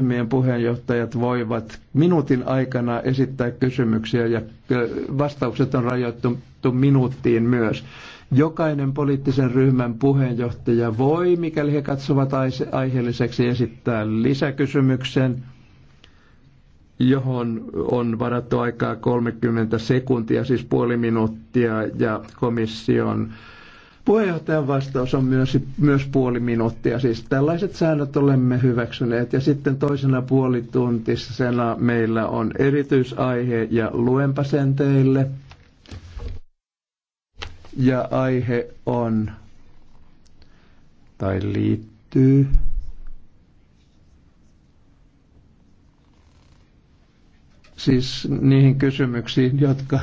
Meidän puheenjohtajat voivat minuutin aikana esittää kysymyksiä ja vastaukset on rajoittu minuuttiin myös. Jokainen poliittisen ryhmän puheenjohtaja voi, mikäli he katsovat aiheelliseksi, esittää lisäkysymyksen, johon on varattu aikaa 30 sekuntia, siis puoli minuuttia, ja komission Puheenjohtajan vastaus on myös, myös puoli minuuttia. Siis tällaiset säännöt olemme hyväksyneet ja sitten toisena puolituntisena meillä on erityisaihe ja luenpa sen teille. Ja aihe on tai liittyy siis niihin kysymyksiin, jotka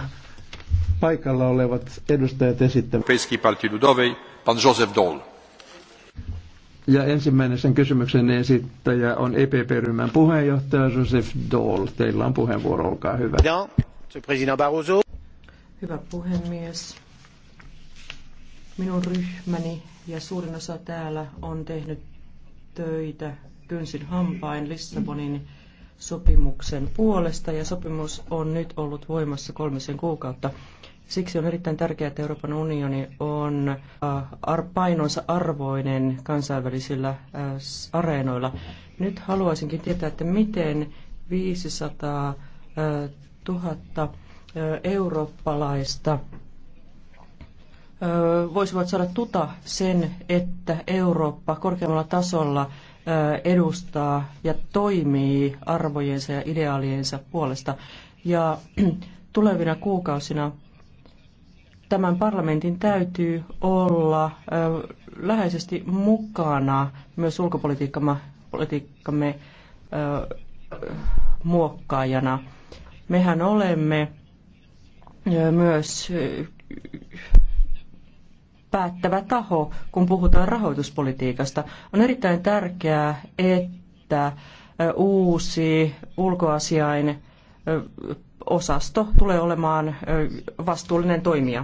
paikalla olevat edustajat esittävät. Peski Parti Ludowej, pan Joseph Dol. Ja ensimmäinen sen kysymyksen esittäjä on EPP-ryhmän puheenjohtaja Joseph Dol Teillä on puheenvuoro, olkaa hyvä. Hyvä puhemies. Minun ryhmäni ja suurin osa täällä on tehnyt töitä kynsin hampain Lissabonin sopimuksen puolesta ja sopimus on nyt ollut voimassa kolmisen kuukautta. Siksi on erittäin tärkeää, että Euroopan unioni on äh, painonsa arvoinen kansainvälisillä äh, areenoilla. Nyt haluaisinkin tietää, että miten 500 000 äh, eurooppalaista voisivat saada tuta sen, että Eurooppa korkeammalla tasolla edustaa ja toimii arvojensa ja ideaaliensa puolesta. Ja tulevina kuukausina tämän parlamentin täytyy olla läheisesti mukana myös ulkopolitiikkamme muokkaajana. Mehän olemme myös päättävä taho, kun puhutaan rahoituspolitiikasta. On erittäin tärkeää, että uusi ulkoasiain osasto tulee olemaan vastuullinen toimija.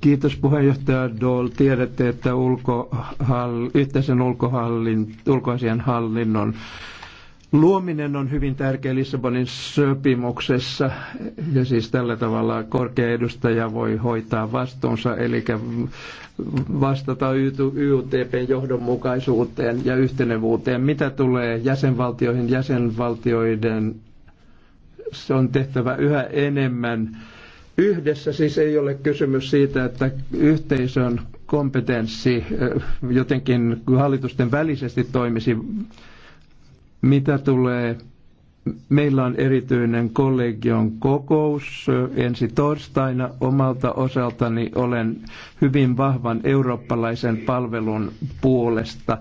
Kiitos puheenjohtaja Dole. Tiedätte, että ulkohall, yhteisen ulkohallin, ulkoasian hallinnon luominen on hyvin tärkeä Lissabonin sopimuksessa. Ja siis tällä tavalla korkea edustaja voi hoitaa vastuunsa, eli vastata YUTPn johdonmukaisuuteen ja yhtenevuuteen. Mitä tulee jäsenvaltioihin, jäsenvaltioiden se on tehtävä yhä enemmän yhdessä. Siis ei ole kysymys siitä, että yhteisön kompetenssi jotenkin hallitusten välisesti toimisi. Mitä tulee Meillä on erityinen kollegion kokous ensi torstaina. Omalta osaltani olen hyvin vahvan eurooppalaisen palvelun puolesta,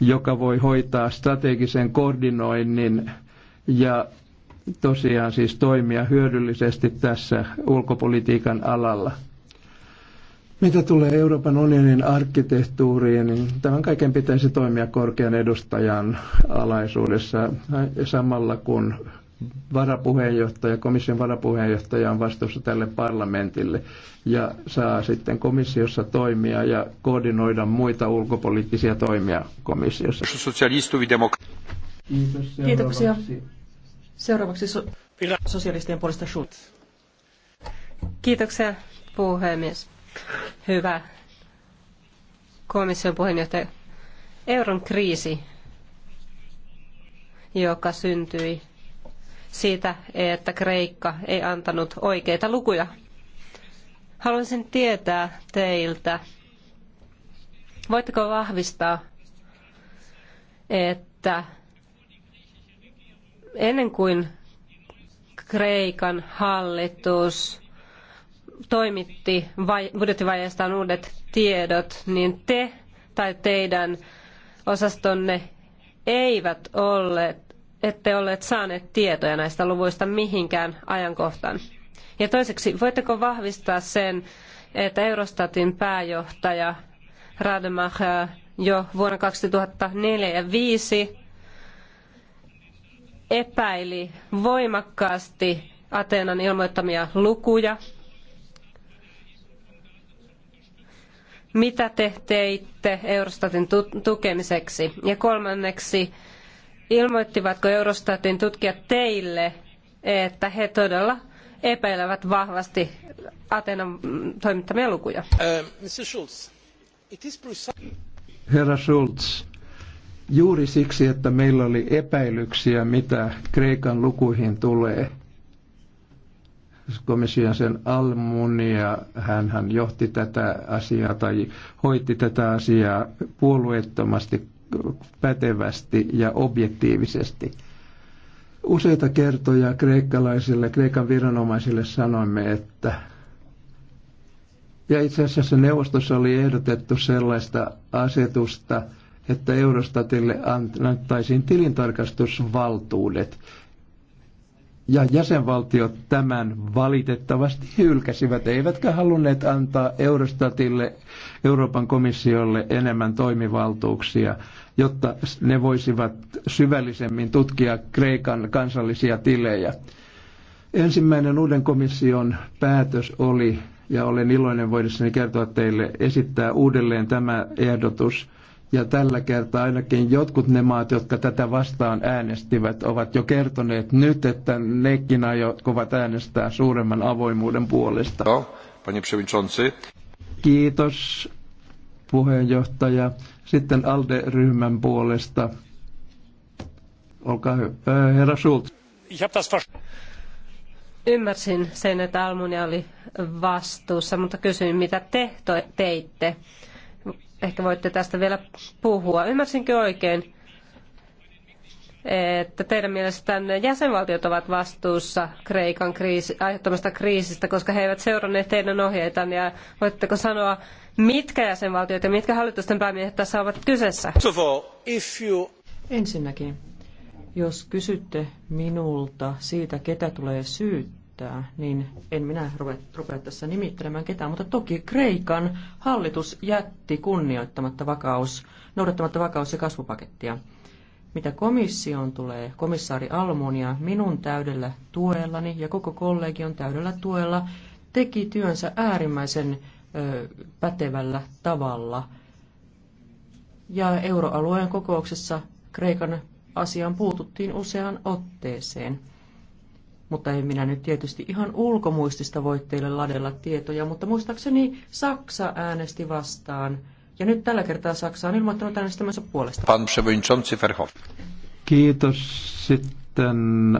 joka voi hoitaa strategisen koordinoinnin ja tosiaan siis toimia hyödyllisesti tässä ulkopolitiikan alalla. Mitä tulee Euroopan unionin arkkitehtuuriin, niin tämän kaiken pitäisi toimia korkean edustajan alaisuudessa samalla kun varapuheenjohtaja, komission varapuheenjohtaja on vastuussa tälle parlamentille ja saa sitten komissiossa toimia ja koordinoida muita ulkopoliittisia toimia komissiossa. Kiitoksia. Kiitoksia. Seuraavaksi so- sosialistien puolesta Kiitoksia puhemies. Hyvä komission puheenjohtaja. Euron kriisi, joka syntyi siitä, että Kreikka ei antanut oikeita lukuja. Haluaisin tietää teiltä, voitteko vahvistaa, että ennen kuin Kreikan hallitus toimitti budjettivajeestaan uudet tiedot, niin te tai teidän osastonne eivät olleet, ette olleet saaneet tietoja näistä luvuista mihinkään ajankohtaan. Ja toiseksi, voitteko vahvistaa sen, että Eurostatin pääjohtaja Rademacher jo vuonna 2004 ja 2005 epäili voimakkaasti Ateenan ilmoittamia lukuja. Mitä te teitte Eurostatin tukemiseksi? Ja kolmanneksi, ilmoittivatko Eurostatin tutkijat teille, että he todella epäilevät vahvasti ateenan toimittamia lukuja? Äh, Herra Schulz, juuri siksi, että meillä oli epäilyksiä, mitä Kreikan lukuihin tulee. Komission sen hän, hän johti tätä asiaa tai hoiti tätä asiaa puolueettomasti, pätevästi ja objektiivisesti. Useita kertoja kreikkalaisille, kreikan viranomaisille sanoimme, että ja itse asiassa neuvostossa oli ehdotettu sellaista asetusta, että Eurostatille annettaisiin tilintarkastusvaltuudet. Ja jäsenvaltiot tämän valitettavasti hylkäsivät, eivätkä halunneet antaa Eurostatille, Euroopan komissiolle enemmän toimivaltuuksia, jotta ne voisivat syvällisemmin tutkia Kreikan kansallisia tilejä. Ensimmäinen uuden komission päätös oli, ja olen iloinen voidessani kertoa teille, esittää uudelleen tämä ehdotus – ja tällä kertaa ainakin jotkut ne maat, jotka tätä vastaan äänestivät, ovat jo kertoneet nyt, että nekin aikovat äänestää suuremman avoimuuden puolesta. No, Kiitos puheenjohtaja. Sitten ALDE-ryhmän puolesta. Olkaa hyvä. Äh, herra Schultz. Ymmärsin sen, että Almunia oli vastuussa, mutta kysyin, mitä te teitte ehkä voitte tästä vielä puhua. Ymmärsinkö oikein, että teidän mielestänne jäsenvaltiot ovat vastuussa Kreikan kriisi, aiheuttamasta kriisistä, koska he eivät seuranneet teidän ohjeitaan. Ja voitteko sanoa, mitkä jäsenvaltiot ja mitkä hallitusten päämiehet tässä ovat kyseessä? Ensinnäkin, jos kysytte minulta siitä, ketä tulee syyttää, käyttää, niin en minä rupea, rupea tässä nimittelemään ketään, mutta toki Kreikan hallitus jätti kunnioittamatta vakaus, noudattamatta vakaus- ja kasvupakettia. Mitä komissioon tulee, komissaari Almonia minun täydellä tuellani ja koko kollegion täydellä tuella teki työnsä äärimmäisen ö, pätevällä tavalla. Ja euroalueen kokouksessa Kreikan asiaan puututtiin useaan otteeseen – mutta en minä nyt tietysti ihan ulkomuistista voi teille ladella tietoja, mutta muistaakseni Saksa äänesti vastaan. Ja nyt tällä kertaa Saksa on ilmoittanut äänestämänsä puolesta. Kiitos sitten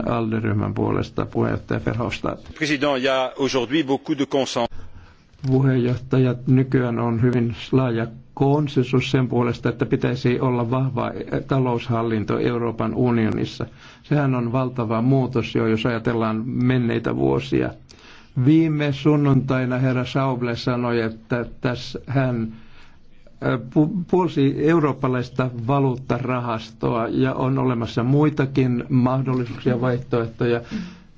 Alderyhmän puolesta puheenjohtaja Verhofstadt. Puheenjohtajat, nykyään on hyvin laaja konsensus sen puolesta, että pitäisi olla vahva taloushallinto Euroopan unionissa – Sehän on valtava muutos jo, jos ajatellaan menneitä vuosia. Viime sunnuntaina herra Sauble sanoi, että tässä hän puolsi eurooppalaista valuuttarahastoa ja on olemassa muitakin mahdollisuuksia vaihtoehtoja.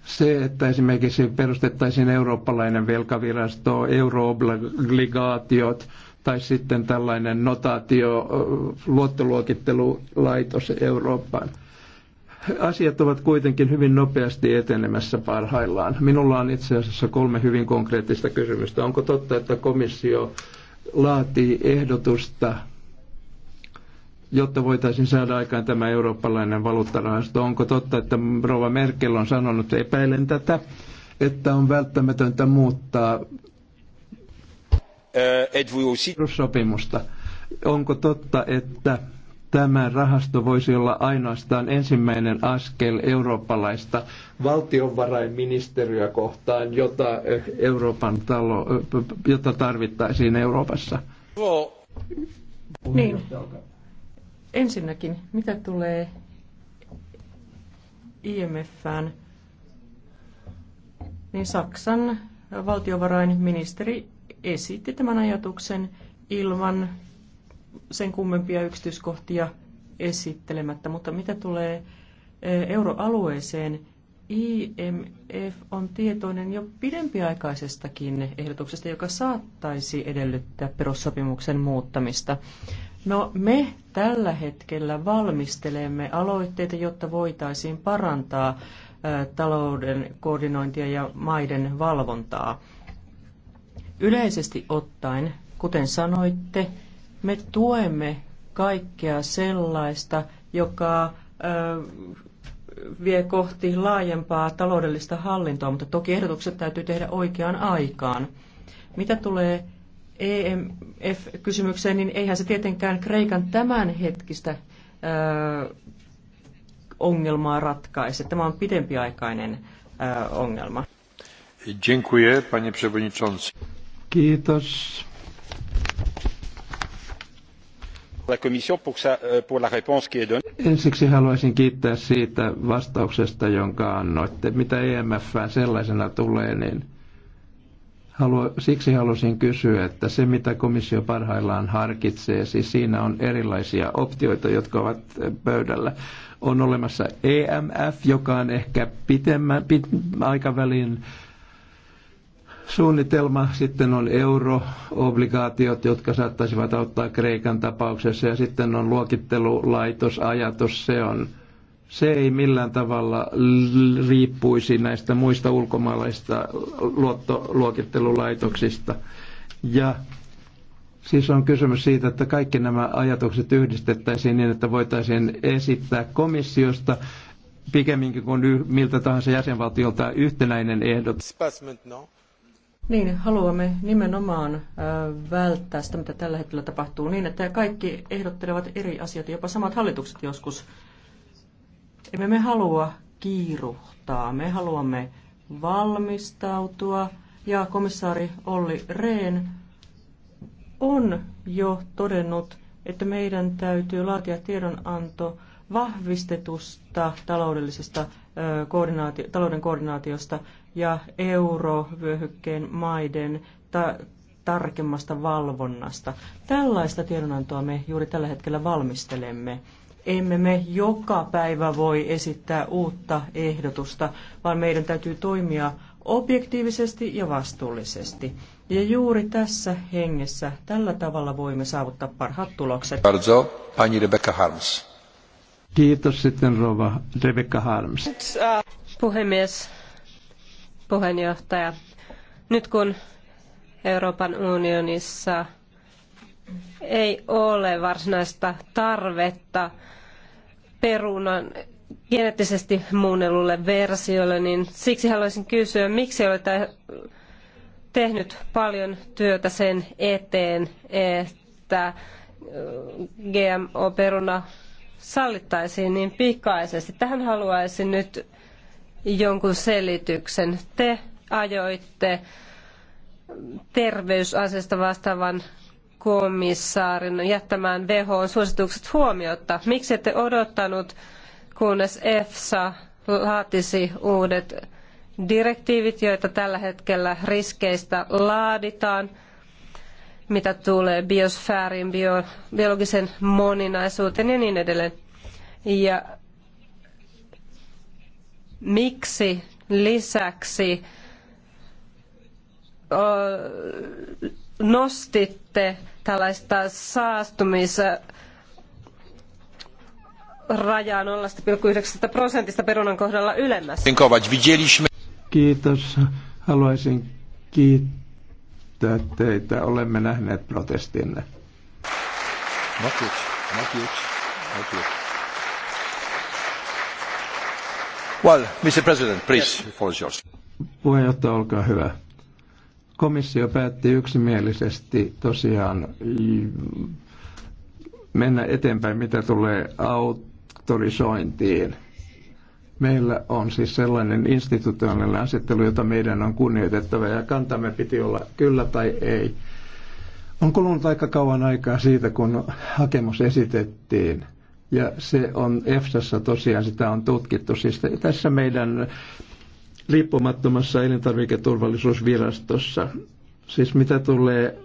Se, että esimerkiksi perustettaisiin eurooppalainen velkavirasto, euroobligaatiot tai sitten tällainen notaatio, luottoluokittelulaitos Eurooppaan – Asiat ovat kuitenkin hyvin nopeasti etenemässä parhaillaan. Minulla on itse asiassa kolme hyvin konkreettista kysymystä. Onko totta, että komissio laatii ehdotusta, jotta voitaisiin saada aikaan tämä eurooppalainen valuuttarahasto? Onko totta, että Rova Merkel on sanonut, että epäilen tätä, että on välttämätöntä muuttaa äh, sopimusta? Onko totta, että Tämä rahasto voisi olla ainoastaan ensimmäinen askel eurooppalaista valtionvarainministeriöä kohtaan, jota, eh, Euroopan talo, eh, jota tarvittaisiin Euroopassa. Niin. Ensinnäkin, mitä tulee IMFään, niin Saksan valtiovarainministeri esitti tämän ajatuksen ilman sen kummempia yksityiskohtia esittelemättä, mutta mitä tulee e, euroalueeseen, IMF on tietoinen jo pidempiaikaisestakin ehdotuksesta, joka saattaisi edellyttää perussopimuksen muuttamista. No me tällä hetkellä valmistelemme aloitteita, jotta voitaisiin parantaa e, talouden koordinointia ja maiden valvontaa. Yleisesti ottaen, kuten sanoitte, me tuemme kaikkea sellaista, joka vie kohti laajempaa taloudellista hallintoa, mutta toki ehdotukset täytyy tehdä oikeaan aikaan. Mitä tulee EMF-kysymykseen, niin eihän se tietenkään Kreikan tämänhetkistä ö, ongelmaa ratkaise. Tämä on pidempiaikainen ö, ongelma. Dziękuję, panie przewodniczący. Kiitos, Euh, Ensiksi haluaisin kiittää siitä vastauksesta, jonka annoitte. Mitä EMFään sellaisena tulee, niin halu, siksi halusin kysyä, että se mitä komissio parhaillaan harkitsee, siis siinä on erilaisia optioita, jotka ovat pöydällä. On olemassa EMF, joka on ehkä pitemmän pit, aikavälin äh, Suunnitelma sitten on euroobligaatiot, jotka saattaisivat auttaa Kreikan tapauksessa, ja sitten on ajatus, se on se ei millään tavalla riippuisi näistä muista ulkomaalaista luottoluokittelulaitoksista. Ja siis on kysymys siitä, että kaikki nämä ajatukset yhdistettäisiin niin, että voitaisiin esittää komissiosta pikemminkin kuin miltä tahansa jäsenvaltiolta yhtenäinen ehdotus. Niin, haluamme nimenomaan välttää sitä, mitä tällä hetkellä tapahtuu, niin että kaikki ehdottelevat eri asioita, jopa samat hallitukset joskus. Emme me halua kiiruhtaa, me haluamme valmistautua. Ja komissaari Olli Rehn on jo todennut, että meidän täytyy laatia tiedonanto vahvistetusta taloudellisesta koordinaatio, talouden koordinaatiosta ja eurovyöhykkeen maiden ta- tarkemmasta valvonnasta. Tällaista tiedonantoa me juuri tällä hetkellä valmistelemme. Emme me joka päivä voi esittää uutta ehdotusta, vaan meidän täytyy toimia objektiivisesti ja vastuullisesti. Ja juuri tässä hengessä, tällä tavalla voimme saavuttaa parhaat tulokset. Pani Rebecca Harms. Kiitos sitten rova Rebecca Harms. Puhemies, puheenjohtaja. Nyt kun Euroopan unionissa ei ole varsinaista tarvetta perunan geneettisesti muunnellulle versiolle, niin siksi haluaisin kysyä, miksi olette tehnyt paljon työtä sen eteen, että GMO-peruna sallittaisiin niin pikaisesti. Tähän haluaisin nyt jonkun selityksen. Te ajoitte terveysasiasta vastaavan komissaarin jättämään WHOn suositukset huomiotta. Miksi ette odottanut, kunnes EFSA laatisi uudet direktiivit, joita tällä hetkellä riskeistä laaditaan, mitä tulee biosfääriin, bio, biologisen moninaisuuteen ja niin edelleen. Ja miksi lisäksi nostitte tällaista saastumista rajaa 0,9 prosentista perunan kohdalla ylemmäs. Kiitos. Haluaisin kiittää teitä. Olemme nähneet protestinne. Not yet. Not Well, Mr. President, please, yes. yours. Puheenjohtaja, olkaa hyvä. Komissio päätti yksimielisesti tosiaan mm, mennä eteenpäin, mitä tulee autorisointiin. Meillä on siis sellainen institutionaalinen asettelu, jota meidän on kunnioitettava ja kantamme piti olla kyllä tai ei. On kulunut aika kauan aikaa siitä, kun hakemus esitettiin – ja se on EFSAssa tosiaan, sitä on tutkittu. Siis tässä meidän riippumattomassa elintarviketurvallisuusvirastossa. Siis mitä tulee,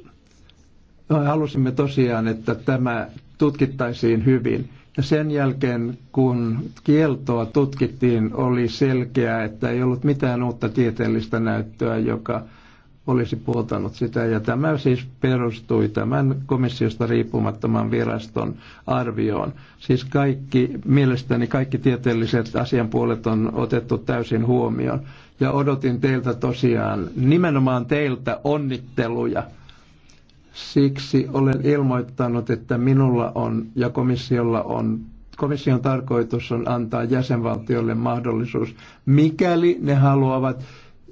no, halusimme tosiaan, että tämä tutkittaisiin hyvin. Ja sen jälkeen, kun kieltoa tutkittiin, oli selkeää, että ei ollut mitään uutta tieteellistä näyttöä, joka olisi puoltanut sitä. Ja tämä siis perustui tämän komissiosta riippumattoman viraston arvioon. Siis kaikki, mielestäni kaikki tieteelliset asianpuolet on otettu täysin huomioon. Ja odotin teiltä tosiaan, nimenomaan teiltä onnitteluja. Siksi olen ilmoittanut, että minulla on ja komissiolla on komission tarkoitus on antaa jäsenvaltioille mahdollisuus, mikäli ne haluavat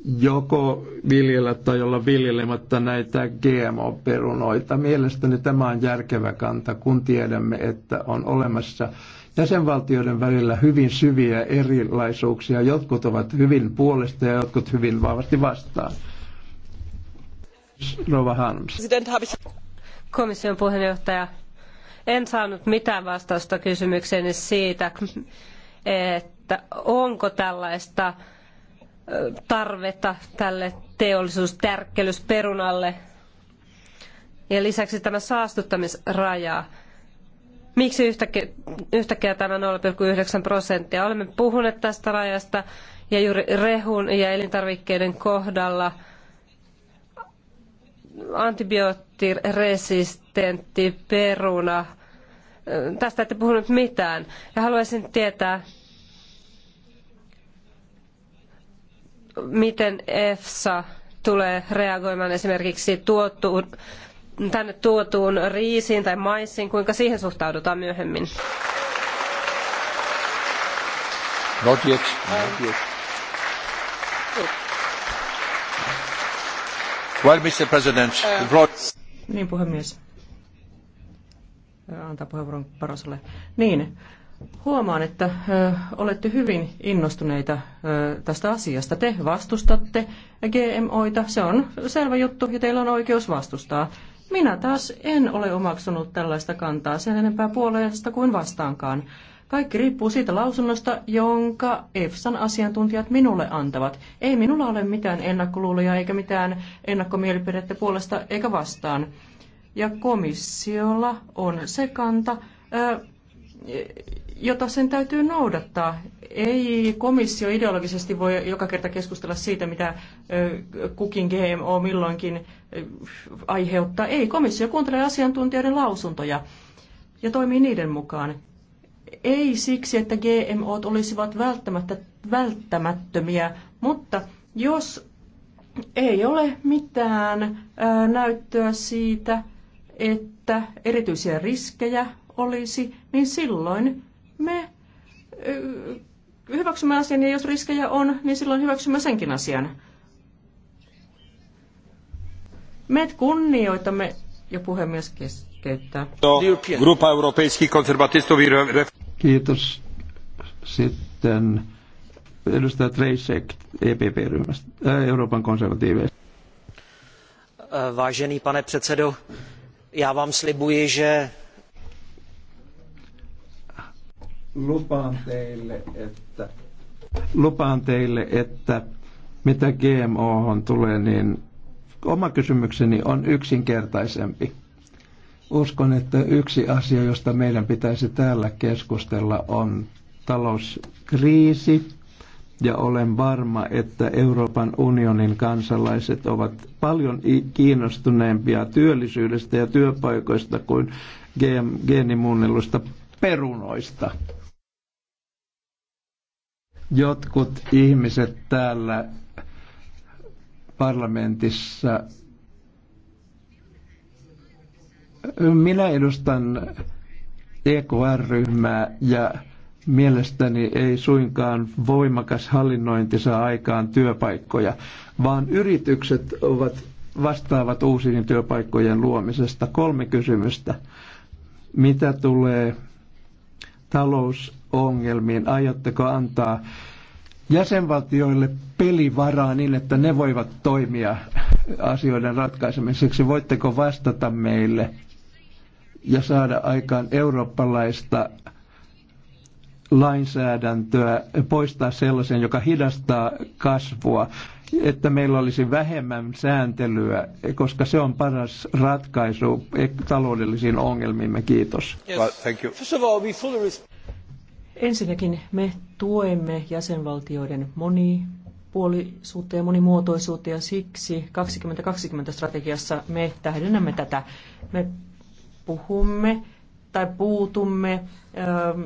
joko viljellä tai olla viljelemättä näitä GMO-perunoita. Mielestäni tämä on järkevä kanta, kun tiedämme, että on olemassa jäsenvaltioiden välillä hyvin syviä erilaisuuksia. Jotkut ovat hyvin puolesta ja jotkut hyvin vahvasti vastaan. Rova Harms. Komission puheenjohtaja, en saanut mitään vastausta kysymykseen siitä, että onko tällaista tarvetta tälle teollisuustärkkelysperunalle. Ja lisäksi tämä saastuttamisraja. Miksi yhtäkkiä, yhtäkkiä tämä 0,9 prosenttia? Olemme puhuneet tästä rajasta ja juuri rehun ja elintarvikkeiden kohdalla antibioottiresistentti peruna. Tästä ette puhunut mitään. Ja haluaisin tietää, miten EFSA tulee reagoimaan esimerkiksi tuotuun, tänne tuotuun riisiin tai maissiin, kuinka siihen suhtaudutaan myöhemmin? Not yet. Not yet. Well, Mr. President, niin puhemies. Antaa puheenvuoron Parosalle. Niin, Huomaan, että olette hyvin innostuneita tästä asiasta. Te vastustatte GMOita, se on selvä juttu ja teillä on oikeus vastustaa. Minä taas en ole omaksunut tällaista kantaa sen enempää puolesta kuin vastaankaan. Kaikki riippuu siitä lausunnosta, jonka EFSAn asiantuntijat minulle antavat. Ei minulla ole mitään ennakkoluuloja eikä mitään ennakkomielipidettä puolesta eikä vastaan. Ja komissiolla on se kanta, jota sen täytyy noudattaa. Ei komissio ideologisesti voi joka kerta keskustella siitä, mitä kukin GMO milloinkin aiheuttaa. Ei, komissio kuuntelee asiantuntijoiden lausuntoja ja toimii niiden mukaan. Ei siksi, että GMO olisivat välttämättä välttämättömiä, mutta jos ei ole mitään näyttöä siitä, että erityisiä riskejä olisi, niin silloin me hyväksymme asian ja jos riskejä on, niin silloin hyväksymme senkin asian. Me kunnioitamme ja puhemies keskeyttää. No, Grupa europeiskich konservatistov Kiitos. Sitten edustaja Trejsek EPP-ryhmästä, äh, Euroopan konservatiiveista. Äh, vážený pane předsedo, já vám slibuji, že lupaan teille, että, lupaan teille, että mitä GMO on tulee, niin oma kysymykseni on yksinkertaisempi. Uskon, että yksi asia, josta meidän pitäisi täällä keskustella, on talouskriisi. Ja olen varma, että Euroopan unionin kansalaiset ovat paljon kiinnostuneempia työllisyydestä ja työpaikoista kuin geenimuunnellusta perunoista jotkut ihmiset täällä parlamentissa. Minä edustan EKR-ryhmää ja mielestäni ei suinkaan voimakas hallinnointi saa aikaan työpaikkoja, vaan yritykset ovat vastaavat uusien työpaikkojen luomisesta. Kolme kysymystä. Mitä tulee talous ongelmiin? Aiotteko antaa jäsenvaltioille pelivaraa niin, että ne voivat toimia asioiden ratkaisemiseksi? Voitteko vastata meille ja saada aikaan eurooppalaista lainsäädäntöä, poistaa sellaisen, joka hidastaa kasvua, että meillä olisi vähemmän sääntelyä, koska se on paras ratkaisu taloudellisiin ongelmiimme. Kiitos. Yes. Well, thank you. First of all, we fully Ensinnäkin me tuemme jäsenvaltioiden monipuolisuutta ja monimuotoisuutta ja siksi 2020-strategiassa me tähdennämme tätä. Me puhumme tai puutumme ähm,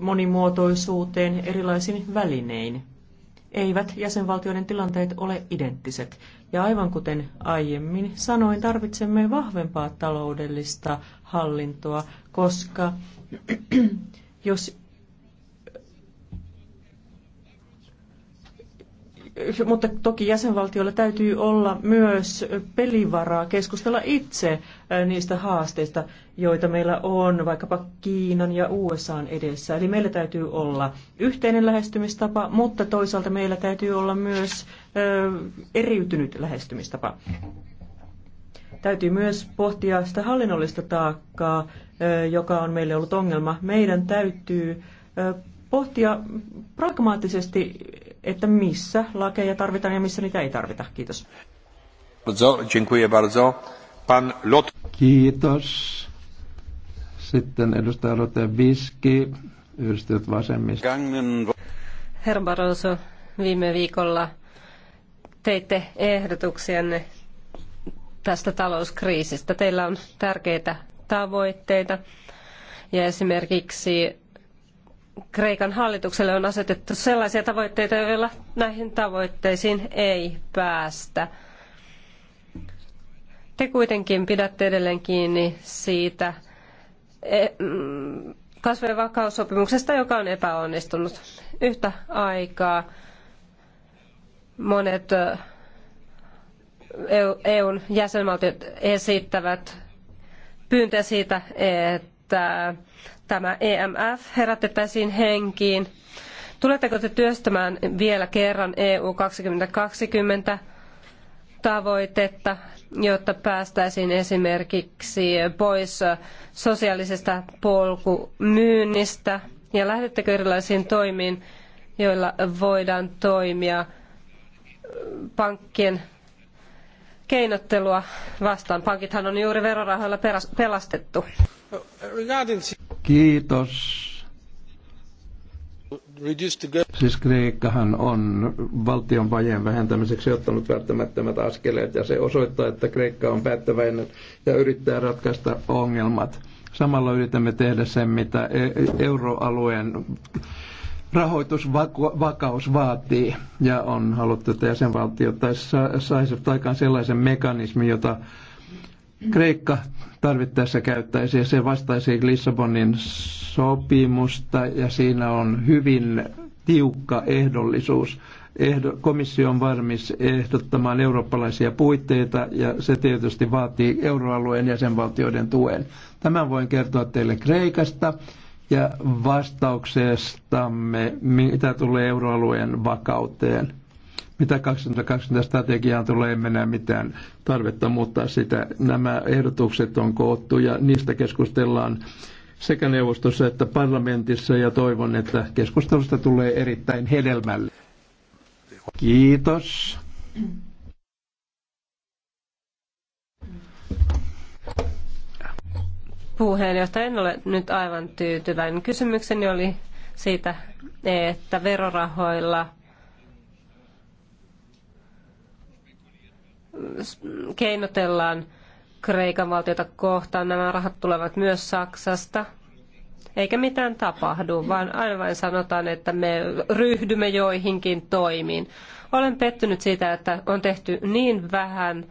monimuotoisuuteen erilaisin välinein. Eivät jäsenvaltioiden tilanteet ole identtiset. Ja aivan kuten aiemmin sanoin, tarvitsemme vahvempaa taloudellista hallintoa, koska jos mutta toki jäsenvaltioilla täytyy olla myös pelivaraa keskustella itse niistä haasteista, joita meillä on vaikkapa Kiinan ja USA edessä. Eli meillä täytyy olla yhteinen lähestymistapa, mutta toisaalta meillä täytyy olla myös eriytynyt lähestymistapa. Täytyy myös pohtia sitä hallinnollista taakkaa, joka on meille ollut ongelma. Meidän täytyy pohtia pragmaattisesti että missä lakeja tarvitaan ja missä niitä ei tarvita. Kiitos. Kiitos. Sitten edustaja Lotte Viski, yhdistyt vasemmista. Herra Barroso, viime viikolla teitte ehdotuksianne tästä talouskriisistä. Teillä on tärkeitä tavoitteita ja esimerkiksi Kreikan hallitukselle on asetettu sellaisia tavoitteita, joilla näihin tavoitteisiin ei päästä. Te kuitenkin pidätte edelleen kiinni siitä e, mm, kasvojen vakaussopimuksesta, joka on epäonnistunut. Yhtä aikaa monet EUn e jäsenvaltiot esittävät pyyntöä siitä, että tämä EMF herätettäisiin henkiin. Tuletteko te työstämään vielä kerran EU 2020 tavoitetta, jotta päästäisiin esimerkiksi pois sosiaalisesta polkumyynnistä? Ja lähdettekö erilaisiin toimiin, joilla voidaan toimia pankkien keinottelua vastaan? Pankithan on juuri verorahoilla pelastettu. Kiitos. Siis Kreikkahan on valtion vajeen vähentämiseksi ottanut välttämättömät askeleet ja se osoittaa, että Kreikka on päättäväinen ja yrittää ratkaista ongelmat. Samalla yritämme tehdä sen, mitä e- e- euroalueen rahoitusvakaus vaatii ja on haluttu, että jäsenvaltio saisi aikaan sellaisen mekanismin, jota Kreikka tarvittaessa käyttäisi ja se vastaisi Lissabonin sopimusta ja siinä on hyvin tiukka ehdollisuus. Ehdo, komissio on varmis ehdottamaan eurooppalaisia puitteita ja se tietysti vaatii euroalueen jäsenvaltioiden tuen. Tämän voin kertoa teille Kreikasta ja vastauksestamme, mitä tulee euroalueen vakauteen. Mitä 2020 strategiaan tulee, ei mennä mitään tarvetta muuttaa sitä. Nämä ehdotukset on koottu ja niistä keskustellaan sekä neuvostossa että parlamentissa ja toivon, että keskustelusta tulee erittäin hedelmällinen. Kiitos. Puheenjohtaja, en ole nyt aivan tyytyväinen. Kysymykseni oli siitä, että verorahoilla keinotellaan Kreikan valtiota kohtaan. Nämä rahat tulevat myös Saksasta. Eikä mitään tapahdu, vaan aina vain sanotaan, että me ryhdymme joihinkin toimiin. Olen pettynyt siitä, että on tehty niin vähän.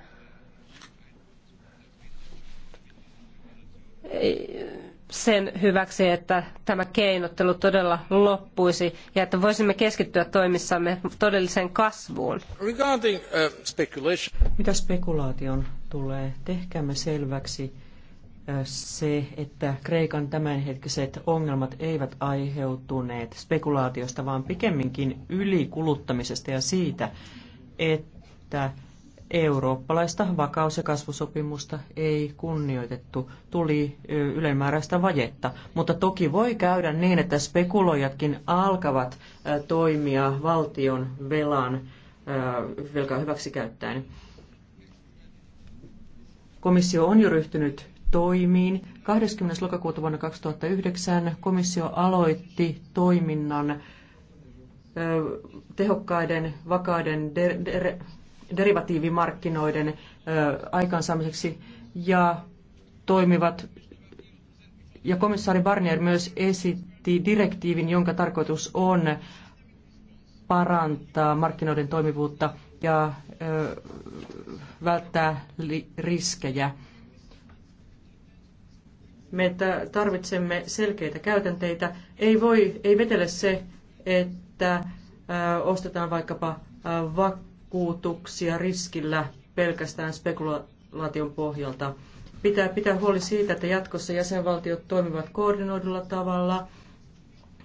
Ei sen hyväksi, että tämä keinottelu todella loppuisi ja että voisimme keskittyä toimissamme todelliseen kasvuun. Uh, Mitä spekulaation tulee, tehkäämme selväksi uh, se, että Kreikan tämänhetkiset ongelmat eivät aiheutuneet spekulaatiosta, vaan pikemminkin ylikuluttamisesta ja siitä, että eurooppalaista vakaus- ja kasvusopimusta ei kunnioitettu, tuli ylimääräistä vajetta. Mutta toki voi käydä niin, että spekuloijatkin alkavat toimia valtion velan velkaa hyväksikäyttäen. Komissio on jo ryhtynyt toimiin. 20. lokakuuta vuonna 2009 komissio aloitti toiminnan tehokkaiden, vakaiden, de, de, derivatiivimarkkinoiden aikaansaamiseksi ja toimivat. Ja komissaari Barnier myös esitti direktiivin, jonka tarkoitus on parantaa markkinoiden toimivuutta ja välttää riskejä. Me tarvitsemme selkeitä käytänteitä. Ei, voi, ei vetele se, että ostetaan vaikkapa vakka vakuutuksia riskillä pelkästään spekulaation pohjalta. Pitää pitää huoli siitä, että jatkossa jäsenvaltiot toimivat koordinoidulla tavalla,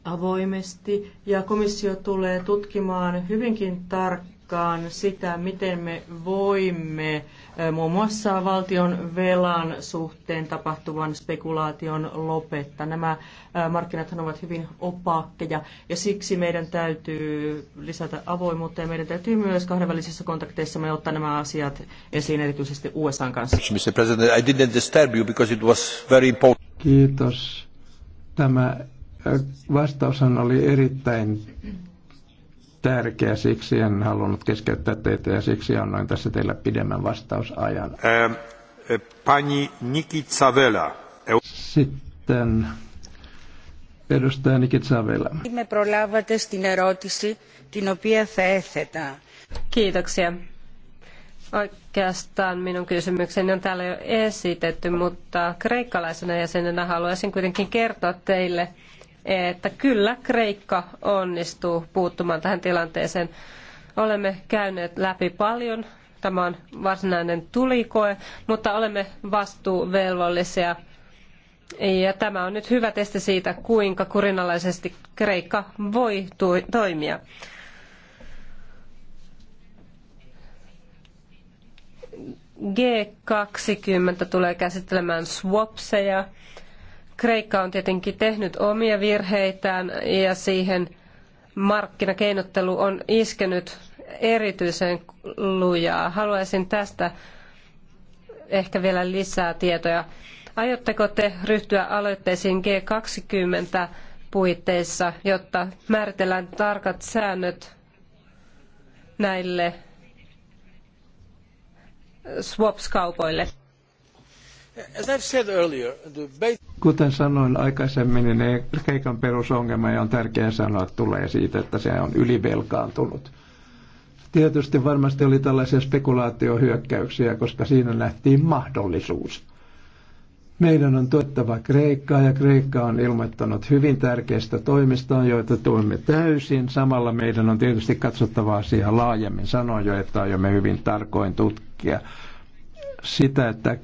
avoimesti, ja komissio tulee tutkimaan hyvinkin tarkkaan, tarkkaan sitä, miten me voimme muun muassa valtion velan suhteen tapahtuvan spekulaation lopettaa. Nämä markkinat ovat hyvin opakkeja ja siksi meidän täytyy lisätä avoimuutta ja meidän täytyy myös kahdenvälisissä kontakteissa me ottaa nämä asiat esiin erityisesti USAn kanssa. Mr. President, I didn't disturb you because it was very important. Kiitos. Tämä vastaushan oli erittäin tärkeä, siksi en halunnut keskeyttää teitä ja siksi annoin tässä teillä pidemmän vastausajan. Pani Nikitsavela. Sitten edustaja Nikitsavela. Me Kiitoksia. Oikeastaan minun kysymykseni on täällä jo esitetty, mutta kreikkalaisena jäsenenä haluaisin kuitenkin kertoa teille, että kyllä Kreikka onnistuu puuttumaan tähän tilanteeseen. Olemme käyneet läpi paljon. Tämä on varsinainen tulikoe, mutta olemme vastuuvelvollisia. Ja tämä on nyt hyvä testi siitä, kuinka kurinalaisesti Kreikka voi toimia. G20 tulee käsittelemään swapseja Kreikka on tietenkin tehnyt omia virheitään ja siihen markkinakeinottelu on iskenyt erityisen lujaa. Haluaisin tästä ehkä vielä lisää tietoja. Aiotteko te ryhtyä aloitteisiin G20 puitteissa, jotta määritellään tarkat säännöt näille swaps-kaupoille? As I've said earlier, the Kuten sanoin aikaisemmin, niin Kreikan perusongelma, ja on tärkeää sanoa, tulee siitä, että se on ylivelkaantunut. Tietysti varmasti oli tällaisia spekulaatiohyökkäyksiä, koska siinä nähtiin mahdollisuus. Meidän on tuettava Kreikkaa ja Kreikka on ilmoittanut hyvin tärkeistä toimistaan, joita tuemme täysin. Samalla meidän on tietysti katsottava asiaa laajemmin. Sanoin jo, että aiomme hyvin tarkoin tutkia sitä, että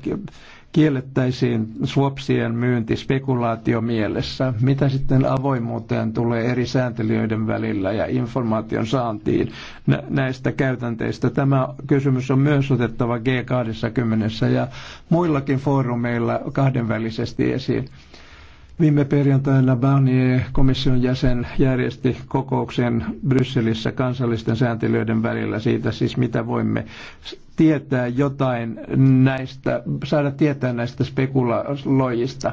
kiellettäisiin swapsien myynti spekulaatiomielessä. Mitä sitten avoimuuteen tulee eri sääntelijöiden välillä ja informaation saantiin näistä käytänteistä? Tämä kysymys on myös otettava G20 ja muillakin foorumeilla kahdenvälisesti esiin. Viime perjantaina Barnier, komission jäsen, järjesti kokouksen Brysselissä kansallisten sääntelyiden välillä siitä, siis mitä voimme tietää jotain näistä, saada tietää näistä spekuloijista.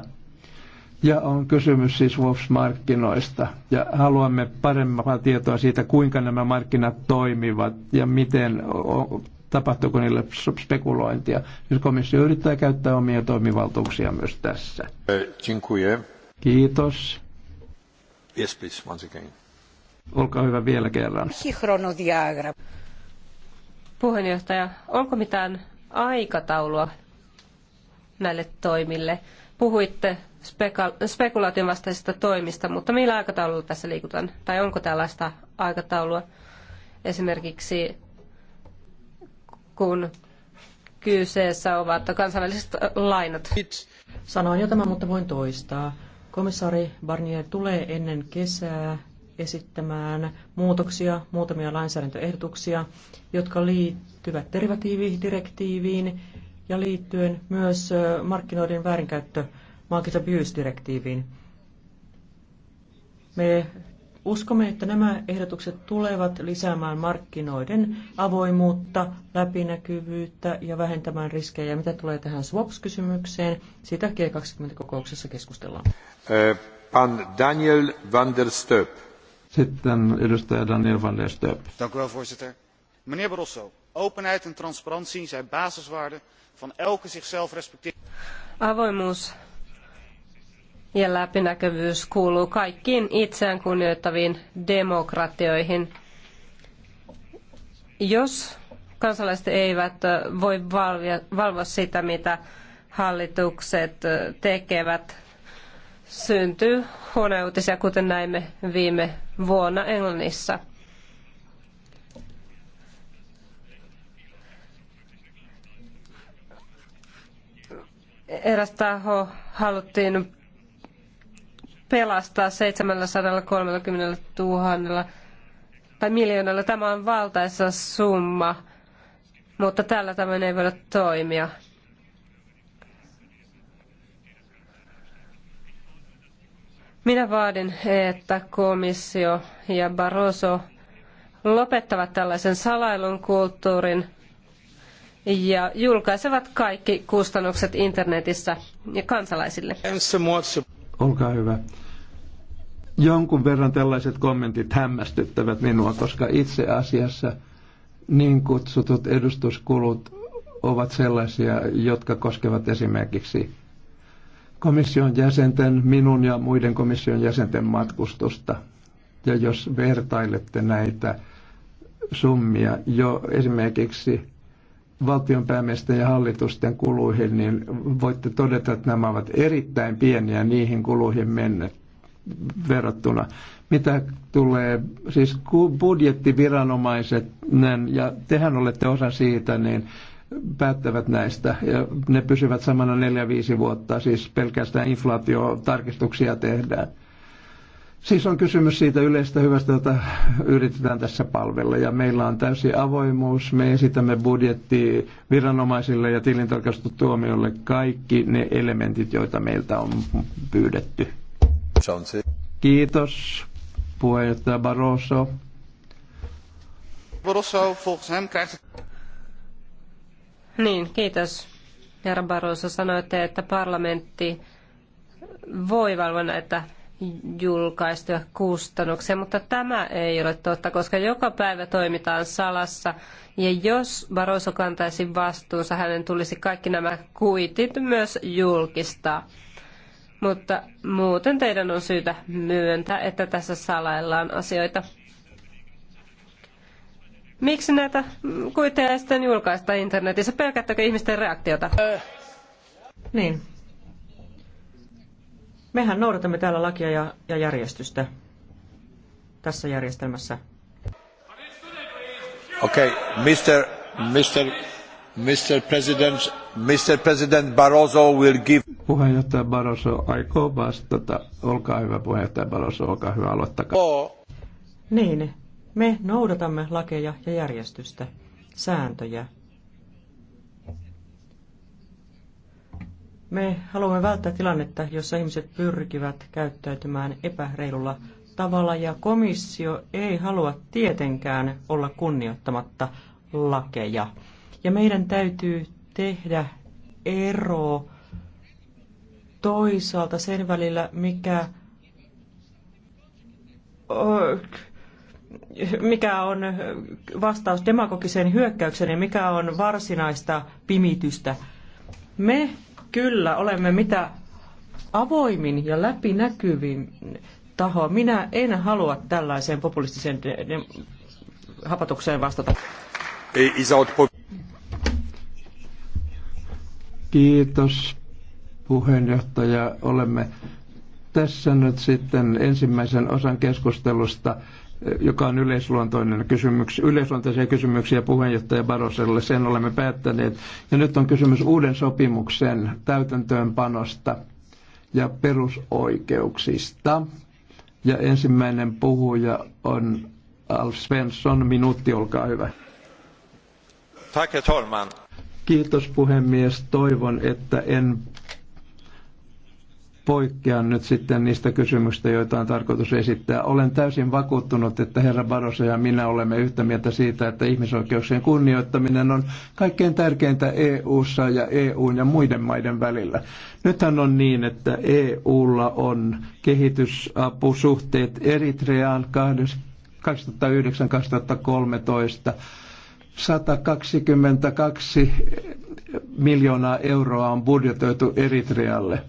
Ja on kysymys siis Wolfs-markkinoista. Ja haluamme parempaa tietoa siitä, kuinka nämä markkinat toimivat ja miten tapahtuuko niille spekulointia. Siis komissio yrittää käyttää omia toimivaltuuksia myös tässä. Dziękuję. Kiitos. Yes, please, once again. Olkaa hyvä vielä kerran. Puheenjohtaja, onko mitään aikataulua näille toimille? Puhuitte spekulaation vastaisista toimista, mutta millä aikataululla tässä liikutaan? Tai onko tällaista aikataulua esimerkiksi, kun kyseessä ovat kansainväliset lainat? Sanoin jo tämän, mutta voin toistaa Komissaari Barnier tulee ennen kesää esittämään muutoksia, muutamia lainsäädäntöehdotuksia, jotka liittyvät derivatiividirektiiviin ja liittyen myös markkinoiden väärinkäyttö market abuse-direktiiviin. Me Uskomme, että nämä ehdotukset tulevat lisäämään markkinoiden avoimuutta, läpinäkyvyyttä ja vähentämään riskejä. Mitä tulee tähän swaps-kysymykseen, sitä G20-kokouksessa keskustellaan. Äh, pan Daniel van der Stöp. Sitten edustaja Daniel van der Stöp. Dank u wel, voorzitter. Meneer Barroso, openheid en transparantie zijn basiswaarden van elke zichzelf respecteerde. Avoimuus ja läpinäkyvyys kuuluu kaikkiin itseään kunnioittaviin demokratioihin. Jos kansalaiset eivät voi valvoa sitä, mitä hallitukset tekevät, syntyy huoneuutisia, kuten näimme viime vuonna Englannissa. Eräs taho haluttiin pelastaa 730 000 tai miljoonalla. Tämä on valtaisa summa, mutta tällä tämä ei voida toimia. Minä vaadin, että komissio ja Barroso lopettavat tällaisen salailun kulttuurin ja julkaisevat kaikki kustannukset internetissä ja kansalaisille. Olkaa hyvä. Jonkun verran tällaiset kommentit hämmästyttävät minua, koska itse asiassa niin kutsutut edustuskulut ovat sellaisia, jotka koskevat esimerkiksi komission jäsenten, minun ja muiden komission jäsenten matkustusta. Ja jos vertailette näitä summia jo esimerkiksi valtionpäämiesten ja hallitusten kuluihin, niin voitte todeta, että nämä ovat erittäin pieniä niihin kuluihin menneet verrattuna. Mitä tulee, siis budjettiviranomaiset, ja tehän olette osa siitä, niin päättävät näistä ja ne pysyvät samana 4-5 vuotta, siis pelkästään inflaatiotarkistuksia tehdään. Siis on kysymys siitä yleistä hyvästä, jota yritetään tässä palvella. Ja meillä on täysi avoimuus. Me esitämme budjetti viranomaisille ja tilintarkastustuomiolle kaikki ne elementit, joita meiltä on pyydetty. Kiitos, puheenjohtaja Barroso. Barroso, volgens hem krijgt... Niin, kiitos. Herra Barroso, sanoitte, että parlamentti voi valvoa näitä julkaistuja kustannuksia, mutta tämä ei ole totta, koska joka päivä toimitaan salassa ja jos Barroso kantaisi vastuunsa, hänen tulisi kaikki nämä kuitit myös julkistaa. Mutta muuten teidän on syytä myöntää, että tässä salaillaan asioita. Miksi näitä kuitteja sitten julkaista internetissä? Pelkättekö ihmisten reaktiota? Äh. Niin, Mehän noudatamme täällä lakia ja, ja järjestystä tässä järjestelmässä. Okei, okay, Mr. Mr. Mr. President, Mr. President Barroso will give... Puheenjohtaja Barroso aikoo vastata. Olkaa hyvä, puheenjohtaja Barroso, olkaa hyvä, aloittakaa. Oh. Niin, me noudatamme lakeja ja järjestystä, sääntöjä, Me haluamme välttää tilannetta, jossa ihmiset pyrkivät käyttäytymään epäreilulla tavalla ja komissio ei halua tietenkään olla kunnioittamatta lakeja. Ja meidän täytyy tehdä ero toisaalta sen välillä, mikä, mikä on vastaus demagogiseen hyökkäykseen ja mikä on varsinaista pimitystä. Me Kyllä, olemme mitä avoimin ja läpinäkyvin taho. Minä en halua tällaiseen populistiseen de- de- hapatukseen vastata. Kiitos puheenjohtaja. Olemme tässä nyt sitten ensimmäisen osan keskustelusta joka on yleisluontoinen kysymyks, yleisluontoisia kysymyksiä puheenjohtaja Baroselle, sen olemme päättäneet. Ja nyt on kysymys uuden sopimuksen täytäntöönpanosta ja perusoikeuksista. Ja ensimmäinen puhuja on Alf Svensson. Minuutti, olkaa hyvä. Tack, herr talman. Kiitos puhemies. Toivon, että en poikkean nyt sitten niistä kysymyksistä, joita on tarkoitus esittää. Olen täysin vakuuttunut, että herra Barossa ja minä olemme yhtä mieltä siitä, että ihmisoikeuksien kunnioittaminen on kaikkein tärkeintä EU-ssa ja EUn ja muiden maiden välillä. Nythän on niin, että EUlla on kehitysapusuhteet Eritreaan 2009-2013 122 miljoonaa euroa on budjetoitu Eritrealle.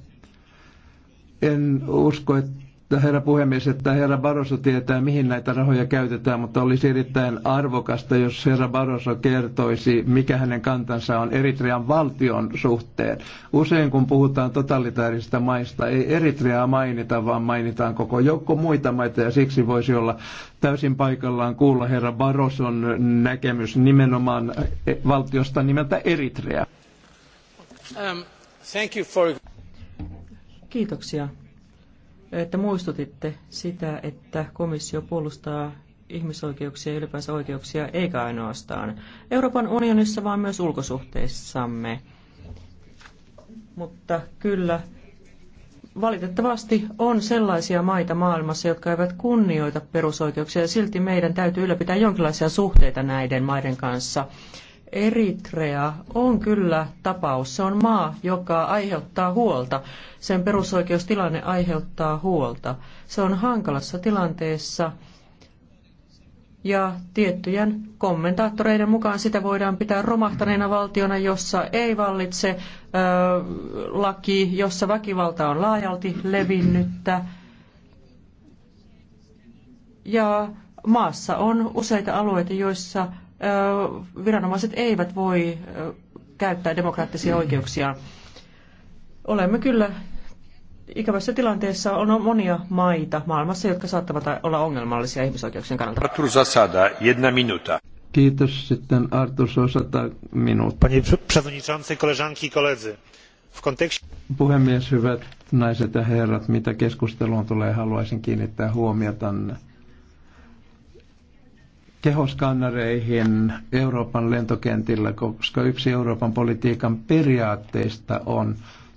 En usko, että herra puhemies, että herra Barroso tietää, mihin näitä rahoja käytetään, mutta olisi erittäin arvokasta, jos herra Barroso kertoisi, mikä hänen kantansa on Eritrean valtion suhteen. Usein kun puhutaan totalitaarista maista, ei Eritreaa mainita, vaan mainitaan koko joukko muita maita, ja siksi voisi olla täysin paikallaan kuulla herra Barroson näkemys nimenomaan valtiosta nimeltä Eritrea. Um, thank you for... Kiitoksia, että muistutitte sitä, että komissio puolustaa ihmisoikeuksia ja ylipäänsä oikeuksia, eikä ainoastaan Euroopan unionissa, vaan myös ulkosuhteissamme. Mutta kyllä, valitettavasti on sellaisia maita maailmassa, jotka eivät kunnioita perusoikeuksia, ja silti meidän täytyy ylläpitää jonkinlaisia suhteita näiden maiden kanssa. Eritrea on kyllä tapaus. Se on maa, joka aiheuttaa huolta. Sen perusoikeustilanne aiheuttaa huolta. Se on hankalassa tilanteessa ja tiettyjen kommentaattoreiden mukaan sitä voidaan pitää romahtaneena valtiona, jossa ei vallitse ö, laki, jossa väkivalta on laajalti levinnyttä. Ja maassa on useita alueita, joissa viranomaiset eivät voi käyttää demokraattisia oikeuksia. Olemme kyllä ikävässä tilanteessa on monia maita maailmassa, jotka saattavat olla ongelmallisia ihmisoikeuksien kannalta. Artur Zasada, jedna minuta. Kiitos sitten Artur Zasada, minuutta. Panie przewodniczący, koleżanki i koledzy. W kontekście... Puhemies, hyvät naiset ja herrat, mitä keskusteluun tulee, haluaisin kiinnittää huomiota tänne tehoskannareihin Euroopan lentokentillä, koska yksi Euroopan politiikan periaatteista on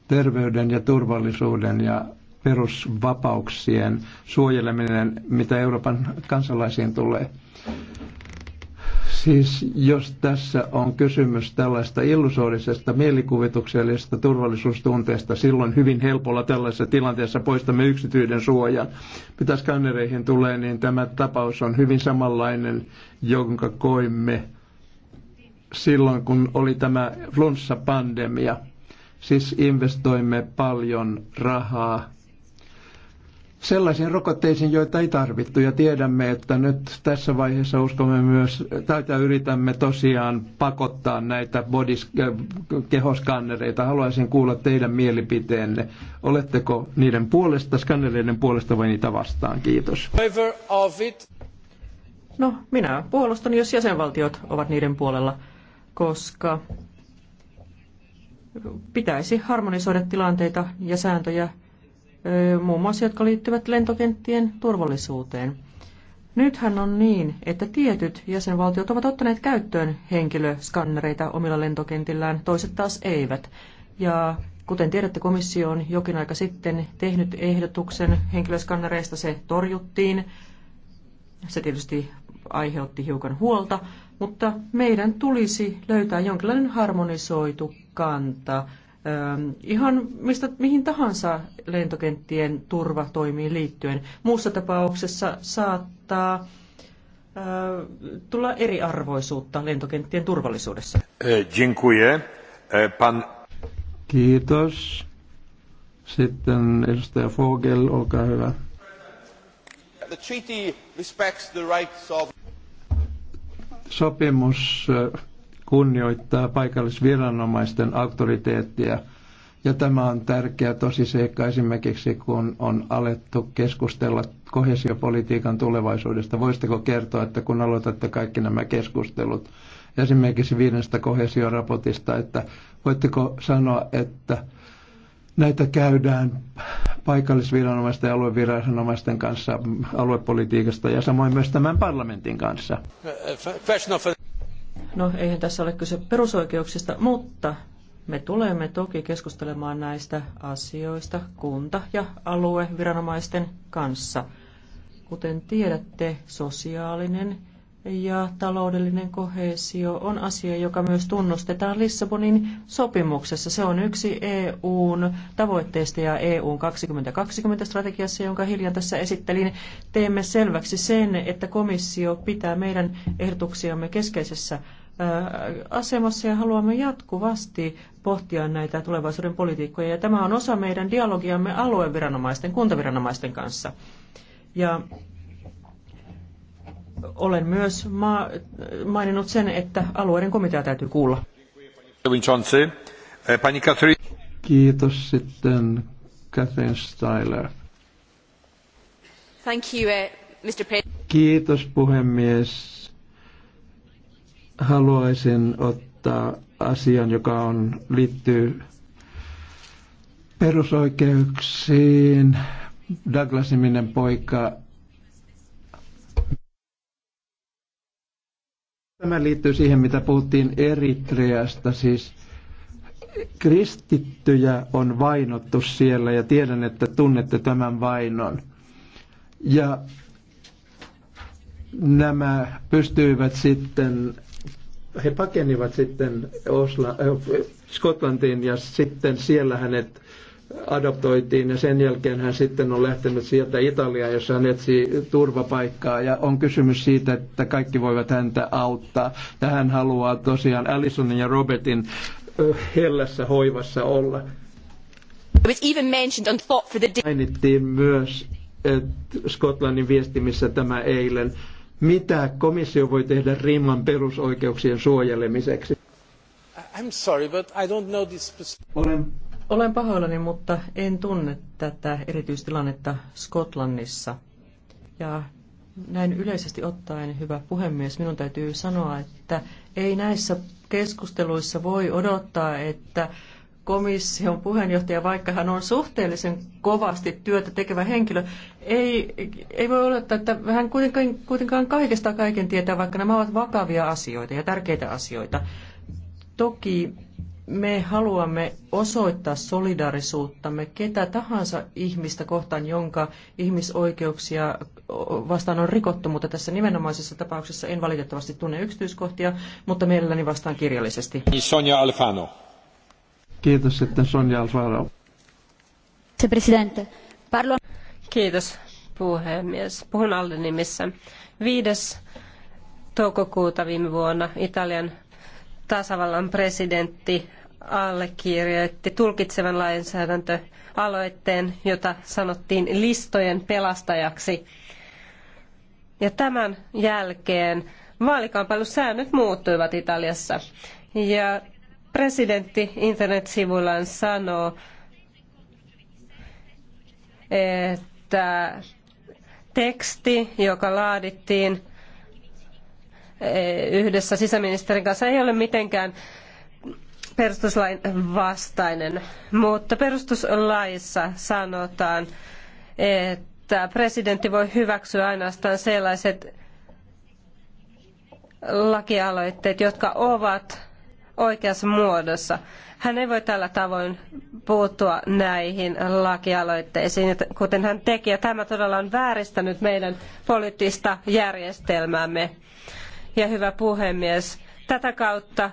terveyden ja turvallisuuden ja perusvapauksien suojeleminen, mitä Euroopan kansalaisiin tulee. Siis jos tässä on kysymys tällaista illusorisesta mielikuvituksellisesta turvallisuustunteesta, silloin hyvin helpolla tällaisessa tilanteessa poistamme yksityiden suojan. Mitä skannereihin tulee, niin tämä tapaus on hyvin samanlainen, jonka koimme silloin, kun oli tämä flunssapandemia. Siis investoimme paljon rahaa sellaisiin rokotteisiin, joita ei tarvittu. Ja tiedämme, että nyt tässä vaiheessa uskomme myös, täytä yritämme tosiaan pakottaa näitä bodis, äh, kehoskannereita. Haluaisin kuulla teidän mielipiteenne. Oletteko niiden puolesta, skannereiden puolesta vai niitä vastaan? Kiitos. No, minä puolustan, jos jäsenvaltiot ovat niiden puolella, koska pitäisi harmonisoida tilanteita ja sääntöjä muun muassa jotka liittyvät lentokenttien turvallisuuteen. Nythän on niin, että tietyt jäsenvaltiot ovat ottaneet käyttöön henkilöskannereita omilla lentokentillään, toiset taas eivät. Ja kuten tiedätte, komissio on jokin aika sitten tehnyt ehdotuksen henkilöskannereista, se torjuttiin. Se tietysti aiheutti hiukan huolta, mutta meidän tulisi löytää jonkinlainen harmonisoitu kanta Ähm, ihan mistä, mihin tahansa lentokenttien turvatoimiin liittyen. Muussa tapauksessa saattaa äh, tulla eriarvoisuutta lentokenttien turvallisuudessa. E, dziękuję. E, pan... Kiitos. Sitten edustaja Vogel, olkaa hyvä. The treaty respects the rights of... Sopimus äh, kunnioittaa paikallisviranomaisten auktoriteettia. Ja tämä on tärkeä seikka esimerkiksi, kun on alettu keskustella kohesiopolitiikan tulevaisuudesta. Voisitteko kertoa, että kun aloitatte kaikki nämä keskustelut, esimerkiksi viidestä kohesioraportista, että voitteko sanoa, että näitä käydään paikallisviranomaisten ja alueviranomaisten kanssa aluepolitiikasta ja samoin myös tämän parlamentin kanssa. No, eihän tässä ole kyse perusoikeuksista, mutta me tulemme toki keskustelemaan näistä asioista kunta- ja alueviranomaisten kanssa. Kuten tiedätte, sosiaalinen ja taloudellinen kohesio on asia, joka myös tunnustetaan Lissabonin sopimuksessa. Se on yksi EUn tavoitteista ja EUn 2020-strategiassa, jonka hiljan tässä esittelin. Teemme selväksi sen, että komissio pitää meidän ehdotuksiamme keskeisessä Äh, asemassa ja haluamme jatkuvasti pohtia näitä tulevaisuuden politiikkoja. Ja tämä on osa meidän dialogiamme alueviranomaisten, kuntaviranomaisten kanssa. Ja olen myös ma- maininnut sen, että alueiden komitea täytyy kuulla. E, Kiitos sitten Catherine Styler. Thank you, e, Mr. Kiitos puhemies haluaisin ottaa asian, joka on, liittyy perusoikeuksiin. Douglas-niminen poika. Tämä liittyy siihen, mitä puhuttiin Eritreasta, siis kristittyjä on vainottu siellä ja tiedän, että tunnette tämän vainon. Ja nämä pystyivät sitten he pakenivat sitten Osla, äh, Skotlantiin ja sitten siellä hänet adoptoitiin ja sen jälkeen hän sitten on lähtenyt sieltä Italiaan, jossa hän etsii turvapaikkaa ja on kysymys siitä, että kaikki voivat häntä auttaa. Tähän haluaa tosiaan Allisonin ja Robertin hellässä hoivassa olla. Mainittiin myös Skotlannin viestimissä tämä eilen mitä komissio voi tehdä Riiman perusoikeuksien suojelemiseksi? I'm sorry, but I don't know this... Olen olen pahoillani, mutta en tunne tätä erityistilannetta Skotlannissa. Ja näin yleisesti ottaen, hyvä puhemies, minun täytyy sanoa, että ei näissä keskusteluissa voi odottaa, että komission puheenjohtaja, vaikka hän on suhteellisen kovasti työtä tekevä henkilö, ei, ei voi olettaa, että hän kuitenkaan, kuitenkaan kaikesta kaiken tietää, vaikka nämä ovat vakavia asioita ja tärkeitä asioita. Toki me haluamme osoittaa solidarisuuttamme ketä tahansa ihmistä kohtaan, jonka ihmisoikeuksia vastaan on rikottu, mutta tässä nimenomaisessa tapauksessa en valitettavasti tunne yksityiskohtia, mutta mielelläni vastaan kirjallisesti. Sonja Alfano. Kiitos sitten Sonja Alvaro. Se presidentti. Parlo... Kiitos puhemies. Puhun Alden nimissä. 5. toukokuuta viime vuonna Italian tasavallan presidentti allekirjoitti tulkitsevan lainsäädäntöaloitteen, jota sanottiin listojen pelastajaksi. Ja tämän jälkeen säännöt muuttuivat Italiassa. Ja presidentti internetsivuillaan sanoo, että teksti, joka laadittiin eh, yhdessä sisäministerin kanssa, ei ole mitenkään perustuslain vastainen, mutta perustuslaissa sanotaan, että presidentti voi hyväksyä ainoastaan sellaiset lakialoitteet, jotka ovat oikeassa muodossa. Hän ei voi tällä tavoin puuttua näihin lakialoitteisiin, kuten hän teki, ja tämä todella on vääristänyt meidän poliittista järjestelmäämme. Ja hyvä puhemies, tätä kautta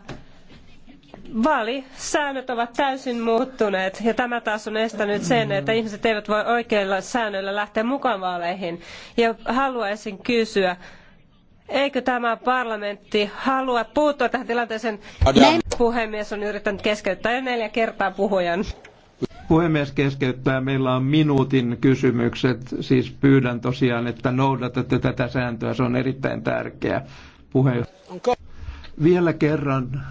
vaalisäännöt ovat täysin muuttuneet ja tämä taas on estänyt sen, että ihmiset eivät voi oikeilla säännöillä lähteä mukaan vaaleihin. Ja haluaisin kysyä, Eikö tämä parlamentti halua puuttua tähän tilanteeseen? Puhemies on yrittänyt keskeyttää jo neljä kertaa puhujan. Puhemies keskeyttää. Meillä on minuutin kysymykset. Siis pyydän tosiaan, että noudatatte tätä sääntöä. Se on erittäin tärkeä puheenjohtaja. Vielä kerran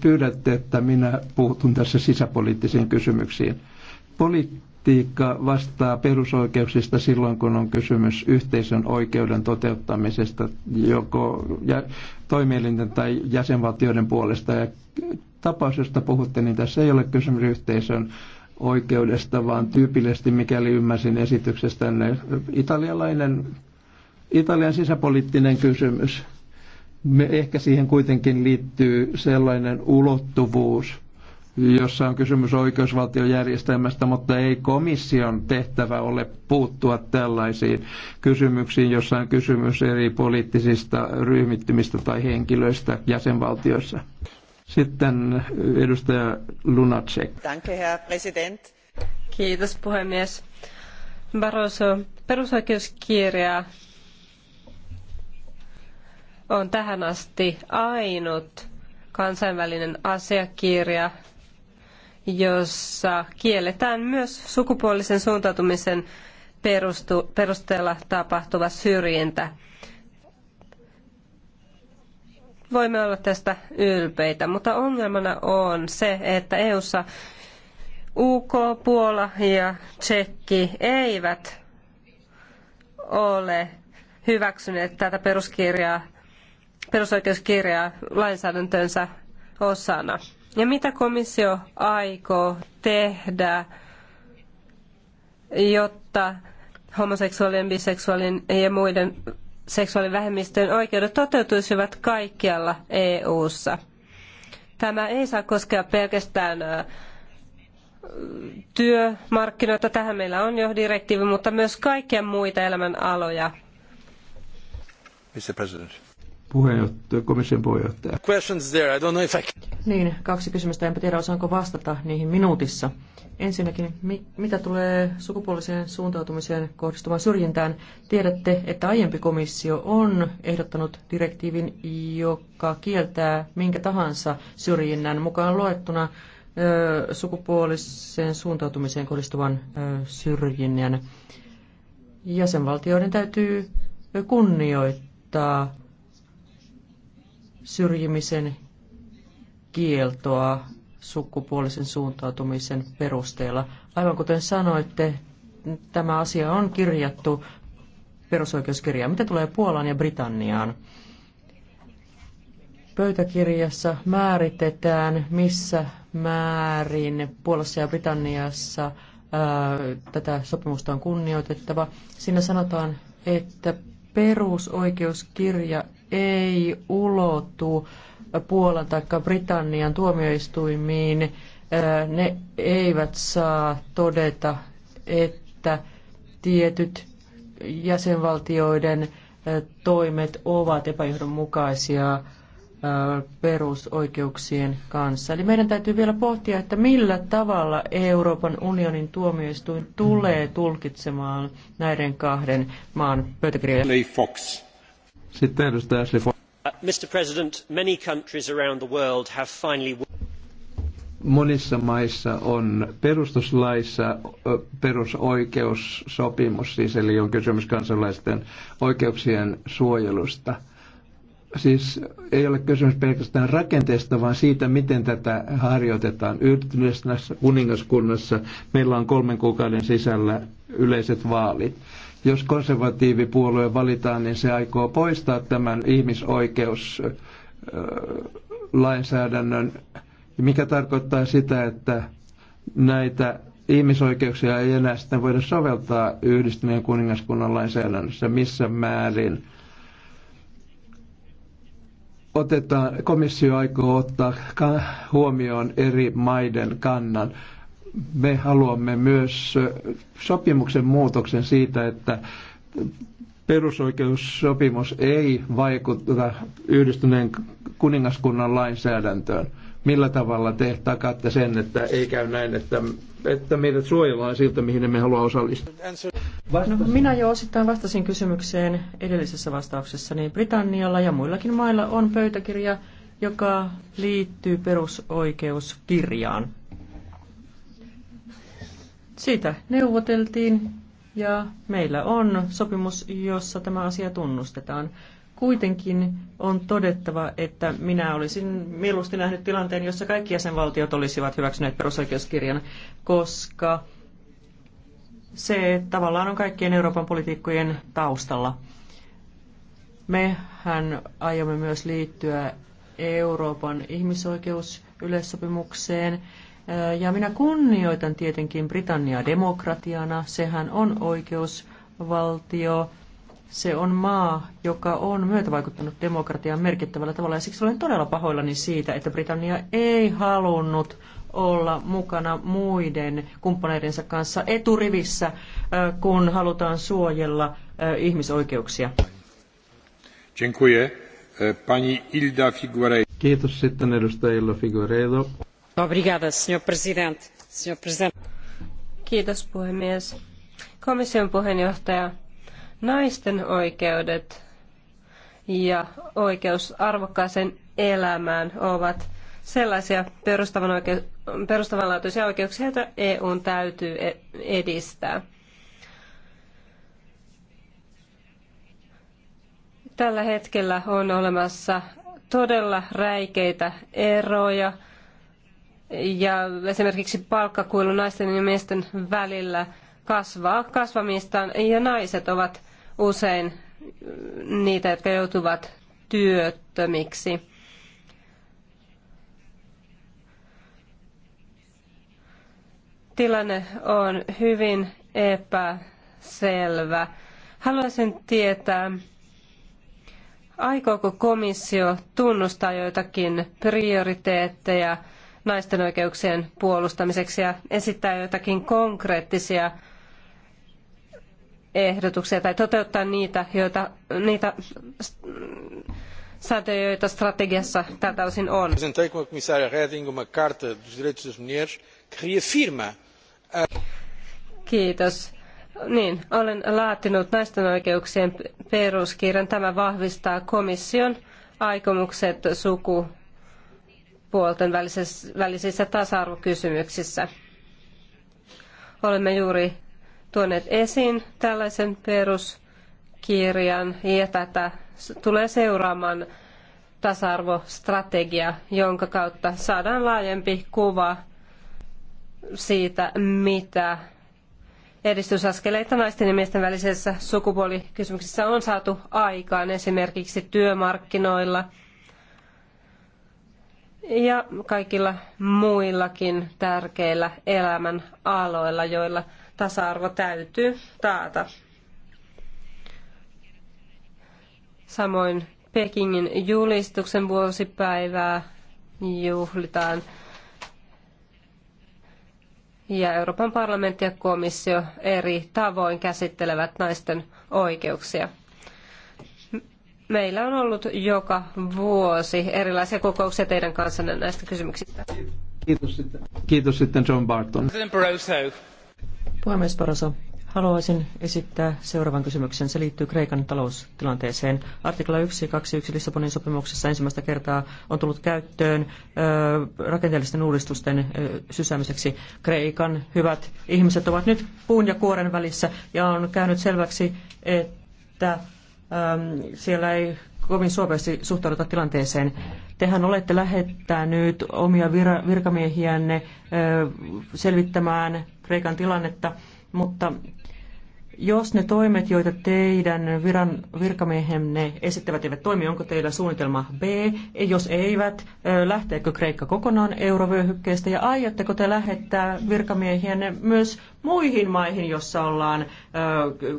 pyydätte, että minä puutun tässä sisäpoliittisiin kysymyksiin. Poli- politiikka vastaa perusoikeuksista silloin, kun on kysymys yhteisön oikeuden toteuttamisesta joko ja toimielinten tai jäsenvaltioiden puolesta. Ja tapaus, josta puhutte, niin tässä ei ole kysymys yhteisön oikeudesta, vaan tyypillisesti, mikäli ymmärsin esityksestä, italialainen, Italian sisäpoliittinen kysymys. Me, ehkä siihen kuitenkin liittyy sellainen ulottuvuus, jossa on kysymys oikeusvaltiojärjestelmästä, mutta ei komission tehtävä ole puuttua tällaisiin kysymyksiin, jossa on kysymys eri poliittisista ryhmittymistä tai henkilöistä jäsenvaltioissa. Sitten edustaja Lunacek. Danke, herr president. Kiitos puhemies. Barroso, perusoikeuskirja on tähän asti ainut kansainvälinen asiakirja, jossa kielletään myös sukupuolisen suuntautumisen perustu, perusteella tapahtuva syrjintä. Voimme olla tästä ylpeitä, mutta ongelmana on se, että EU:ssa UK, Puola ja Tsekki eivät ole hyväksyneet tätä peruskirjaa, perusoikeuskirjaa lainsäädäntönsä osana. Ja mitä komissio aikoo tehdä, jotta homoseksuaalien, biseksuaalien ja muiden seksuaalivähemmistöjen oikeudet toteutuisivat kaikkialla EU:ssa? Tämä ei saa koskea pelkästään työmarkkinoita, tähän meillä on jo direktiivi, mutta myös kaikkia muita elämänaloja. Mr. President puheenjohtaja, komission puheenjohtaja. Questions there. I don't know if I Niin, kaksi kysymystä. Enpä tiedä, osaanko vastata niihin minuutissa. Ensinnäkin, mi- mitä tulee sukupuoliseen suuntautumiseen kohdistuvaan syrjintään? Tiedätte, että aiempi komissio on ehdottanut direktiivin, joka kieltää minkä tahansa syrjinnän mukaan luettuna ö, sukupuoliseen suuntautumiseen kohdistuvan ö, syrjinnän. Jäsenvaltioiden täytyy kunnioittaa syrjimisen kieltoa sukupuolisen suuntautumisen perusteella. Aivan kuten sanoitte, tämä asia on kirjattu perusoikeuskirjaan. Mitä tulee Puolaan ja Britanniaan? Pöytäkirjassa määritetään, missä määrin Puolassa ja Britanniassa ää, tätä sopimusta on kunnioitettava. Siinä sanotaan, että perusoikeuskirja ei ulotu Puolan tai Britannian tuomioistuimiin, äh, ne eivät saa todeta, että tietyt jäsenvaltioiden äh, toimet ovat epäjohdonmukaisia äh, perusoikeuksien kanssa. Eli meidän täytyy vielä pohtia, että millä tavalla Euroopan unionin tuomioistuin tulee tulkitsemaan näiden kahden maan pöytäkirjoja. Sitten edustaja Ashley Fox. Uh, Mr. President, many countries around the world have finally monissa maissa on perustuslaissa perusoikeussopimus, siis eli on kysymys kansalaisten oikeuksien suojelusta. Siis ei ole kysymys pelkästään rakenteesta, vaan siitä, miten tätä harjoitetaan. Yhdistyneessä kuningaskunnassa meillä on kolmen kuukauden sisällä yleiset vaalit. Jos konservatiivipuolue valitaan, niin se aikoo poistaa tämän ihmisoikeuslainsäädännön, mikä tarkoittaa sitä, että näitä ihmisoikeuksia ei enää sitten voida soveltaa yhdistyneen kuningaskunnan lainsäädännössä missä määrin otetaan, komissio aikoo ottaa huomioon eri maiden kannan me haluamme myös sopimuksen muutoksen siitä, että perusoikeussopimus ei vaikuta yhdistyneen kuningaskunnan lainsäädäntöön. Millä tavalla te takaatte sen, että ei käy näin, että, että meidät suojellaan siltä, mihin emme halua osallistua? No, minä jo osittain vastasin kysymykseen edellisessä vastauksessa, niin Britannialla ja muillakin mailla on pöytäkirja, joka liittyy perusoikeuskirjaan. Siitä neuvoteltiin ja meillä on sopimus, jossa tämä asia tunnustetaan. Kuitenkin on todettava, että minä olisin mieluusti nähnyt tilanteen, jossa kaikki jäsenvaltiot olisivat hyväksyneet perusoikeuskirjan, koska se tavallaan on kaikkien Euroopan politiikkojen taustalla. Mehän aiomme myös liittyä Euroopan ihmisoikeusyleissopimukseen. Ja minä kunnioitan tietenkin Britannia demokratiana. Sehän on oikeusvaltio. Se on maa, joka on myötävaikuttanut demokratiaan merkittävällä tavalla. Ja siksi olen todella pahoillani siitä, että Britannia ei halunnut olla mukana muiden kumppaneidensa kanssa eturivissä, kun halutaan suojella ihmisoikeuksia. E, pani Kiitos sitten edustaja Ilda Figueiredo. Kiitos puhemies. Komission puheenjohtaja, naisten oikeudet ja oikeus arvokkaaseen elämään ovat sellaisia perustavanlaatuisia oikeuksia, joita n täytyy e- edistää. Tällä hetkellä on olemassa todella räikeitä eroja – ja esimerkiksi palkkakuilu naisten ja miesten välillä kasvaa kasvamistaan ja naiset ovat usein niitä, jotka joutuvat työttömiksi. Tilanne on hyvin epäselvä. Haluaisin tietää, aikooko komissio tunnustaa joitakin prioriteetteja – naisten oikeuksien puolustamiseksi ja esittää jotakin konkreettisia ehdotuksia tai toteuttaa niitä, joita, niitä sääntöjä, joita strategiassa tältä osin on. Kiitos. Niin, olen laatinut naisten oikeuksien peruskirjan. Tämä vahvistaa komission aikomukset suku- sukupuolten välisissä, tasa-arvokysymyksissä. Olemme juuri tuoneet esiin tällaisen peruskirjan ja tätä tulee seuraamaan tasa-arvostrategia, jonka kautta saadaan laajempi kuva siitä, mitä edistysaskeleita naisten ja miesten välisessä sukupuolikysymyksessä on saatu aikaan esimerkiksi työmarkkinoilla – ja kaikilla muillakin tärkeillä elämän aloilla, joilla tasa-arvo täytyy taata. Samoin Pekingin julistuksen vuosipäivää juhlitaan. Ja Euroopan parlamentti ja komissio eri tavoin käsittelevät naisten oikeuksia. Meillä on ollut joka vuosi erilaisia kokouksia teidän kanssanne näistä kysymyksistä. Kiitos sitten, Kiitos sitten John Barton. Puhemies Barroso, haluaisin esittää seuraavan kysymyksen. Se liittyy Kreikan taloustilanteeseen. Artikla 121 Lissabonin sopimuksessa ensimmäistä kertaa on tullut käyttöön ö, rakenteellisten uudistusten ö, sysäämiseksi. Kreikan hyvät ihmiset ovat nyt puun ja kuoren välissä ja on käynyt selväksi, että Ähm, siellä ei kovin suopeasti suhtauduta tilanteeseen. Tehän olette lähettänyt omia virkamiehiänne selvittämään Kreikan tilannetta, mutta jos ne toimet, joita teidän viran, virkamiehenne esittävät, eivät toimi, onko teillä suunnitelma B? Jos eivät, lähteekö Kreikka kokonaan eurovyöhykkeestä? Ja aiotteko te lähettää virkamiehiänne myös muihin maihin, jossa ollaan äh,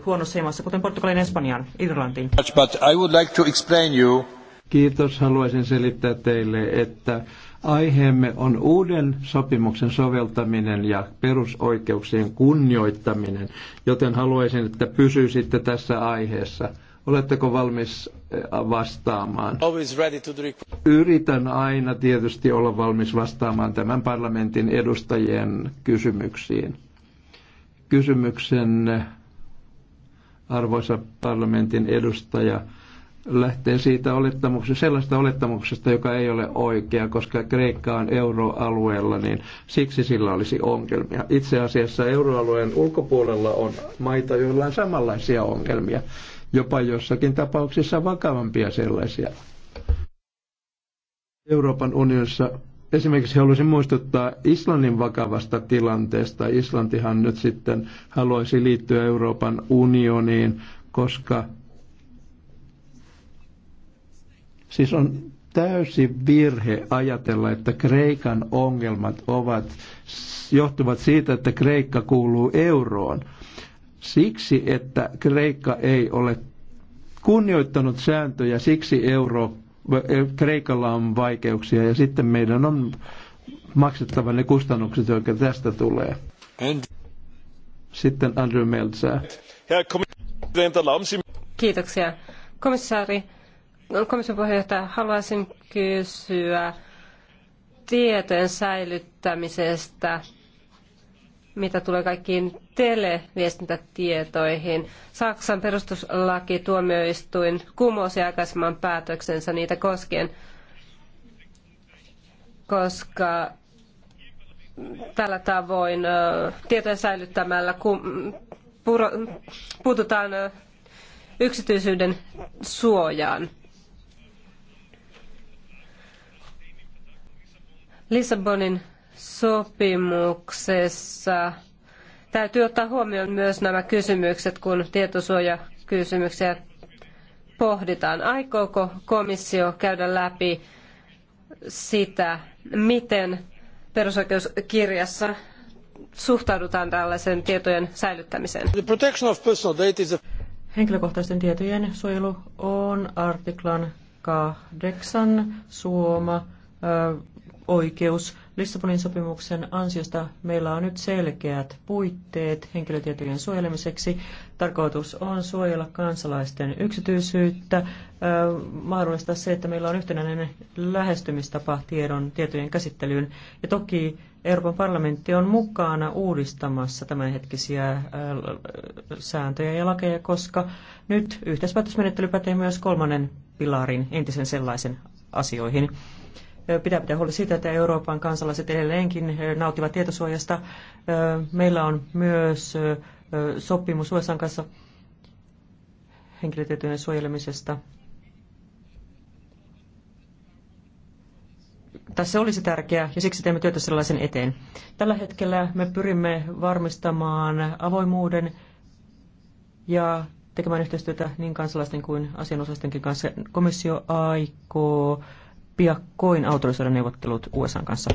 huonossa ilmassa, kuten Portugalin, Espanjan, Irlantiin? But I would like to explain you. Kiitos. Haluaisin selittää teille, että Aiheemme on uuden sopimuksen soveltaminen ja perusoikeuksien kunnioittaminen, joten haluaisin, että pysyisitte tässä aiheessa. Oletteko valmis eh, vastaamaan? Yritän aina tietysti olla valmis vastaamaan tämän parlamentin edustajien kysymyksiin. Kysymyksen, eh, arvoisa parlamentin edustaja, lähtee siitä olettamuksesta, sellaista olettamuksesta, joka ei ole oikea, koska Kreikka on euroalueella, niin siksi sillä olisi ongelmia. Itse asiassa euroalueen ulkopuolella on maita, joilla on samanlaisia ongelmia, jopa jossakin tapauksissa vakavampia sellaisia. Euroopan unionissa esimerkiksi haluaisin muistuttaa Islannin vakavasta tilanteesta. Islantihan nyt sitten haluaisi liittyä Euroopan unioniin, koska Siis on täysin virhe ajatella, että Kreikan ongelmat ovat, johtuvat siitä, että Kreikka kuuluu euroon. Siksi, että Kreikka ei ole kunnioittanut sääntöjä, siksi euro, Kreikalla on vaikeuksia ja sitten meidän on maksettava ne kustannukset, jotka tästä tulee. Sitten Andrew Meltzer. Kiitoksia. Komissaari, No, komission puheenjohtaja, haluaisin kysyä tietojen säilyttämisestä, mitä tulee kaikkiin televiestintätietoihin. Saksan perustuslaki tuomioistuin kumosi aikaisemman päätöksensä niitä koskien, koska tällä tavoin tietojen säilyttämällä puututaan yksityisyyden suojaan. Lissabonin sopimuksessa täytyy ottaa huomioon myös nämä kysymykset, kun tietosuojakysymyksiä pohditaan. Aikooko komissio käydä läpi sitä, miten perusoikeuskirjassa suhtaudutaan tällaisen tietojen säilyttämiseen? Henkilökohtaisten tietojen suojelu on artiklan kahdeksan suoma oikeus. Lissabonin sopimuksen ansiosta meillä on nyt selkeät puitteet henkilötietojen suojelemiseksi. Tarkoitus on suojella kansalaisten yksityisyyttä, mahdollistaa se, että meillä on yhtenäinen lähestymistapa tiedon, tietojen käsittelyyn. Ja toki Euroopan parlamentti on mukana uudistamassa tämänhetkisiä sääntöjä ja lakeja, koska nyt yhteispäätösmenettely pätee myös kolmannen pilarin, entisen sellaisen asioihin pitää pitää huoli siitä, että Euroopan kansalaiset edelleenkin nauttivat tietosuojasta. Meillä on myös sopimus USA kanssa henkilötietojen suojelemisesta. Tässä olisi tärkeää ja siksi teemme työtä sellaisen eteen. Tällä hetkellä me pyrimme varmistamaan avoimuuden ja tekemään yhteistyötä niin kansalaisten kuin asianosaistenkin kanssa. Komissio aikoo piakkoin autorisoida neuvottelut USAn kanssa.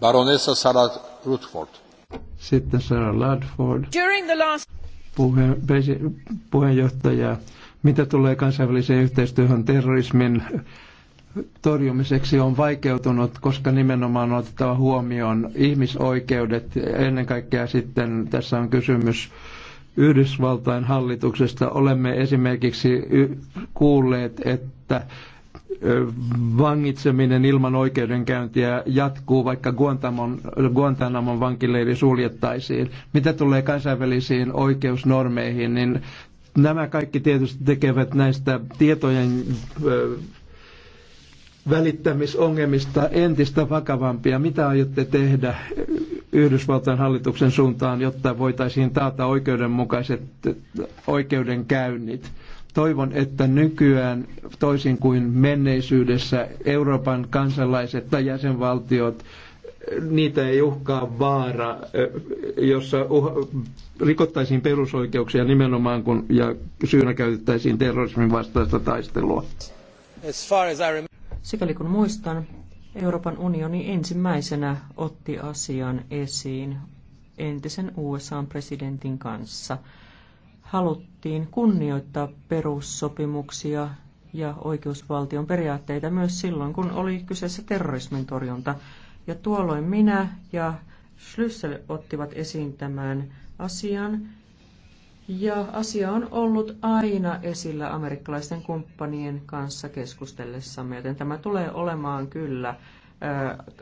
Baronessa Sarah Rutford. Sitten Sarah Ladford. During the last... Puhe, puheenjohtaja, mitä tulee kansainväliseen yhteistyöhön terrorismin torjumiseksi on vaikeutunut, koska nimenomaan on otettava huomioon ihmisoikeudet. Ennen kaikkea sitten tässä on kysymys Yhdysvaltain hallituksesta olemme esimerkiksi kuulleet, että vangitseminen ilman oikeudenkäyntiä jatkuu, vaikka Guantanamon, Guantanamon vankileiri suljettaisiin. Mitä tulee kansainvälisiin oikeusnormeihin, niin nämä kaikki tietysti tekevät näistä tietojen välittämisongelmista entistä vakavampia. Mitä aiotte tehdä Yhdysvaltain hallituksen suuntaan, jotta voitaisiin taata oikeudenmukaiset oikeudenkäynnit. Toivon, että nykyään toisin kuin menneisyydessä Euroopan kansalaiset tai jäsenvaltiot niitä ei uhkaa vaara, jossa uh, rikottaisiin perusoikeuksia nimenomaan kun, ja syynä käytettäisiin terrorismin vastaista taistelua. As far as I Sikäli kun muistan, Euroopan unioni ensimmäisenä otti asian esiin entisen USA-presidentin kanssa. Haluttiin kunnioittaa perussopimuksia ja oikeusvaltion periaatteita myös silloin, kun oli kyseessä terrorismin torjunta. Ja tuolloin minä ja Schlüssel ottivat esiin tämän asian ja asia on ollut aina esillä amerikkalaisten kumppanien kanssa keskustellessamme, joten tämä tulee olemaan kyllä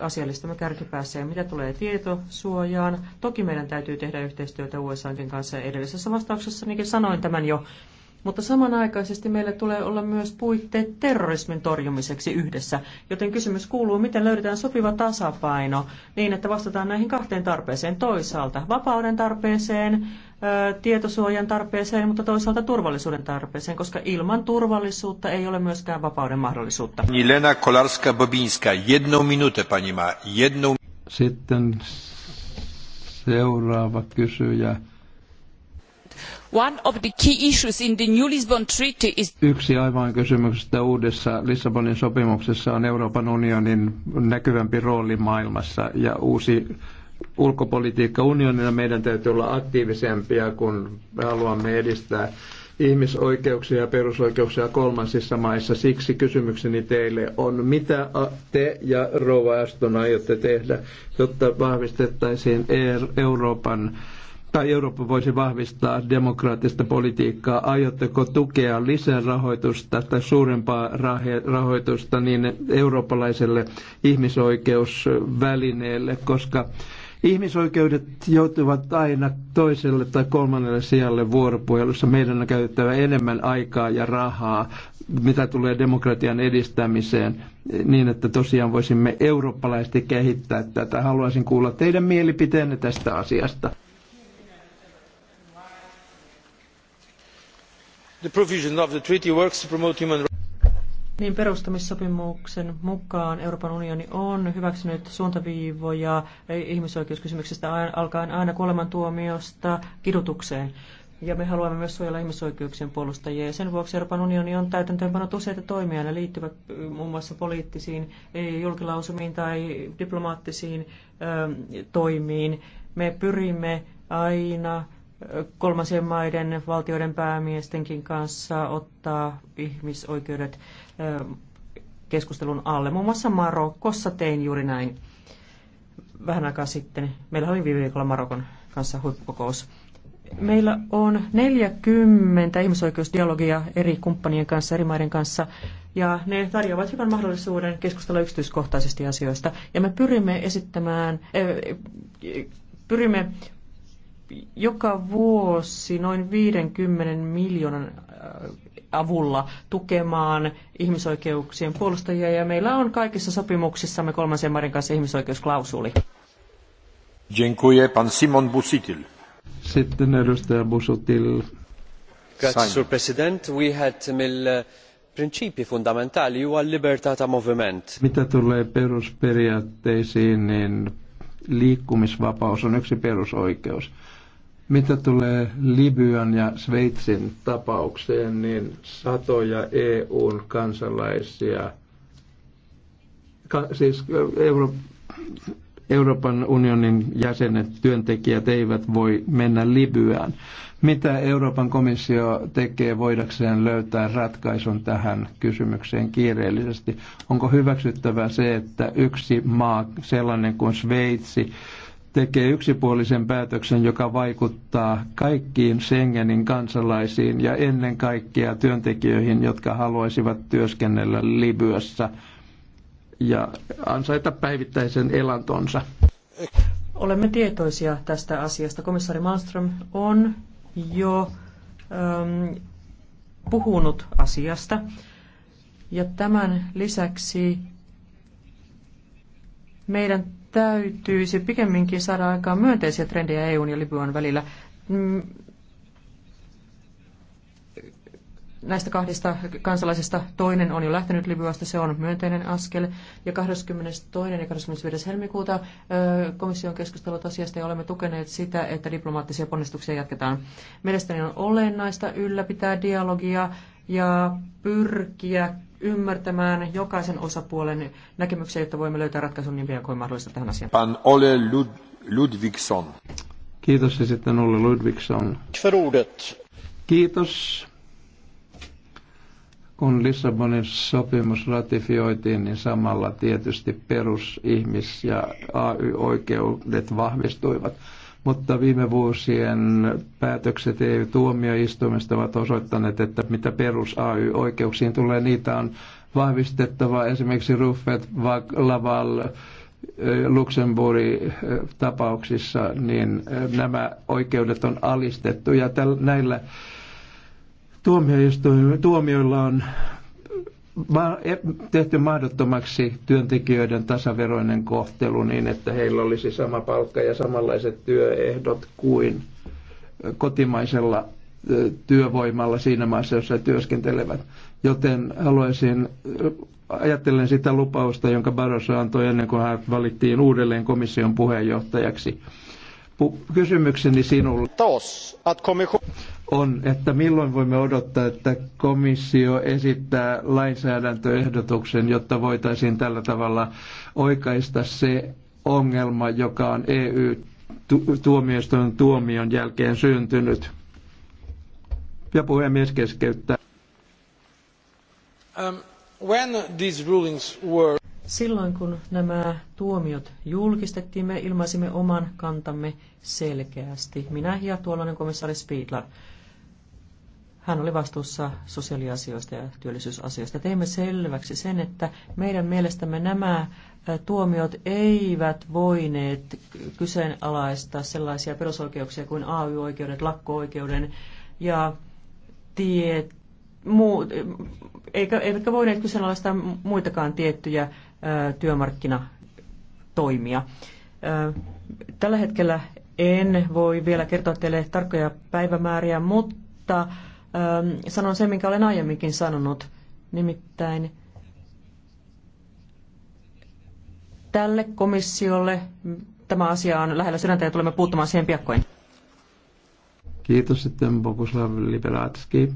asiallistamme kärkipäässä. Ja mitä tulee tietosuojaan, toki meidän täytyy tehdä yhteistyötä USAkin kanssa. Ja edellisessä niin sanoin tämän jo, mutta samanaikaisesti meillä tulee olla myös puitteet terrorismin torjumiseksi yhdessä, joten kysymys kuuluu, miten löydetään sopiva tasapaino niin, että vastataan näihin kahteen tarpeeseen toisaalta. Vapauden tarpeeseen, tietosuojan tarpeeseen, mutta toisaalta turvallisuuden tarpeeseen, koska ilman turvallisuutta ei ole myöskään vapauden mahdollisuutta. Jelena Kolarska-Bobinska, jedną minutę pani ma. Jedną... Sitten seuraava kysyjä. One of the key issues in the new Lisbon Treaty is... Yksi aivan kysymyksistä uudessa Lissabonin sopimuksessa on Euroopan unionin näkyvämpi rooli maailmassa ja uusi ulkopolitiikka unionina meidän täytyy olla aktiivisempia, kun haluamme edistää ihmisoikeuksia ja perusoikeuksia kolmansissa maissa. Siksi kysymykseni teille on, mitä te ja Rova Aston aiotte tehdä, jotta vahvistettaisiin e- Euroopan tai Eurooppa voisi vahvistaa demokraattista politiikkaa. Aiotteko tukea lisärahoitusta tai suurempaa rahoitusta niin eurooppalaiselle ihmisoikeusvälineelle, koska ihmisoikeudet joutuvat aina toiselle tai kolmannelle sijalle vuoropuhelussa. Meidän on käytettävä enemmän aikaa ja rahaa, mitä tulee demokratian edistämiseen, niin että tosiaan voisimme eurooppalaisesti kehittää tätä. Haluaisin kuulla teidän mielipiteenne tästä asiasta. niin perustamissopimuksen mukaan Euroopan unioni on hyväksynyt suuntaviivoja ihmisoikeuskysymyksistä alkaen aina kuolemantuomiosta kidutukseen. Ja me haluamme myös suojella ihmisoikeuksien puolustajia. Ja sen vuoksi Euroopan unioni on täytäntöönpanot useita toimia. Ne liittyvät äh, muun muassa poliittisiin julkilausumiin tai diplomaattisiin ähm, toimiin. Me pyrimme aina kolmasien maiden valtioiden päämiestenkin kanssa ottaa ihmisoikeudet keskustelun alle. Muun muassa Marokossa tein juuri näin vähän aikaa sitten. Meillä oli viime viikolla Marokon kanssa huippukokous. Meillä on 40 ihmisoikeusdialogia eri kumppanien kanssa, eri maiden kanssa, ja ne tarjoavat hyvän mahdollisuuden keskustella yksityiskohtaisesti asioista. Ja me pyrimme esittämään, pyrimme joka vuosi noin 50 miljoonan äh, avulla tukemaan ihmisoikeuksien puolustajia ja meillä on kaikissa sopimuksissamme kolmansien maiden kanssa ihmisoikeusklausuli. Dziękuję, pan Simon Busitil. Sitten edustaja Busutil. Grazie, President. We had mill uh, principi fundamentali huwa libertata ta' moviment. Mitä tulee perusperiaatteisiin, niin liikkumisvapaus on yksi perusoikeus mitä tulee Libyan ja Sveitsin tapaukseen, niin satoja EUn kansalaisia, ka, siis Euro, Euroopan unionin jäsenet, työntekijät eivät voi mennä Libyaan. Mitä Euroopan komissio tekee voidakseen löytää ratkaisun tähän kysymykseen kiireellisesti? Onko hyväksyttävää se, että yksi maa, sellainen kuin Sveitsi, tekee yksipuolisen päätöksen, joka vaikuttaa kaikkiin Schengenin kansalaisiin ja ennen kaikkea työntekijöihin, jotka haluaisivat työskennellä Libyassa ja ansaita päivittäisen elantonsa. Olemme tietoisia tästä asiasta. Komissaari Malmström on jo ähm, puhunut asiasta. Ja tämän lisäksi meidän täytyisi pikemminkin saada aikaan myönteisiä trendejä EUn ja Libyan välillä. Mm. Näistä kahdesta kansalaisesta toinen on jo lähtenyt Libyasta, se on myönteinen askel. Ja 22. ja 25. helmikuuta komission keskustelut asiasta ja olemme tukeneet sitä, että diplomaattisia ponnistuksia jatketaan. Mielestäni on olennaista ylläpitää dialogia ja pyrkiä ymmärtämään jokaisen osapuolen näkemyksiä, jotta voimme löytää ratkaisun niin pian kuin mahdollista tähän asiaan. Pan Ole Lud- Ludvigsson. Kiitos ja sitten Olle Ludvigsson. Kiitos. Kun Lissabonin sopimus ratifioitiin, niin samalla tietysti perusihmis- ja AY-oikeudet vahvistuivat mutta viime vuosien päätökset EU-tuomioistuimesta ovat osoittaneet, että mitä perus AY-oikeuksiin tulee, niitä on vahvistettava. Esimerkiksi Ruffet, Laval, Luxemburgin tapauksissa, niin nämä oikeudet on alistettu ja täl, näillä tuomioilla on E, tehty mahdottomaksi työntekijöiden tasaveroinen kohtelu niin, että heillä olisi sama palkka ja samanlaiset työehdot kuin kotimaisella työvoimalla siinä maassa, jossa he työskentelevät. Joten haluaisin, ajattelen sitä lupausta, jonka Barroso antoi ennen kuin hän valittiin uudelleen komission puheenjohtajaksi. Kysymykseni sinulle. Tos, on, että milloin voimme odottaa, että komissio esittää lainsäädäntöehdotuksen, jotta voitaisiin tällä tavalla oikaista se ongelma, joka on EU-tuomioistuimen tuomion jälkeen syntynyt. Ja puhemies keskeyttää. Um, when these rulings were... Silloin kun nämä tuomiot julkistettiin, me ilmaisimme oman kantamme selkeästi, minä ja tuollainen komissaari Speedler. Hän oli vastuussa sosiaaliasioista ja työllisyysasioista. Teimme selväksi sen, että meidän mielestämme nämä tuomiot eivät voineet kyseenalaista sellaisia perusoikeuksia kuin AY-oikeudet, lakko-oikeuden ja tiet, muu, eikä, eivätkä voineet kyseenalaista muitakaan tiettyjä ö, työmarkkinatoimia. Ö, tällä hetkellä en voi vielä kertoa teille tarkkoja päivämääriä, mutta Ähm, sanon sen, minkä olen aiemminkin sanonut. Nimittäin tälle komissiolle tämä asia on lähellä sydäntä ja tulemme puuttumaan siihen piakkoin. Kiitos sitten Boguslav Liberatski.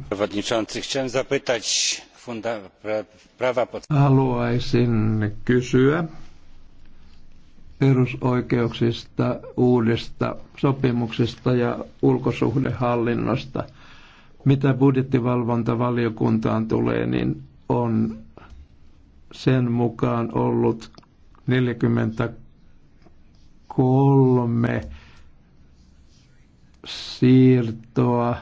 Haluaisin kysyä perusoikeuksista, uudesta sopimuksesta ja ulkosuhdehallinnosta – mitä budjettivalvontavaliokuntaan tulee, niin on sen mukaan ollut 43 siirtoa,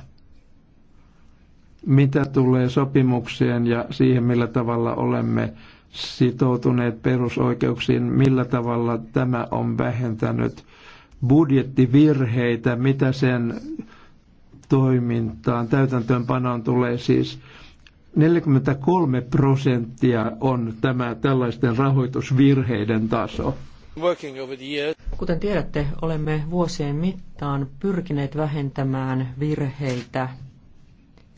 mitä tulee sopimukseen ja siihen, millä tavalla olemme sitoutuneet perusoikeuksiin, millä tavalla tämä on vähentänyt budjettivirheitä, mitä sen toimintaan, täytäntöönpanoon tulee siis 43 prosenttia on tämä tällaisten rahoitusvirheiden taso. Kuten tiedätte, olemme vuosien mittaan pyrkineet vähentämään virheitä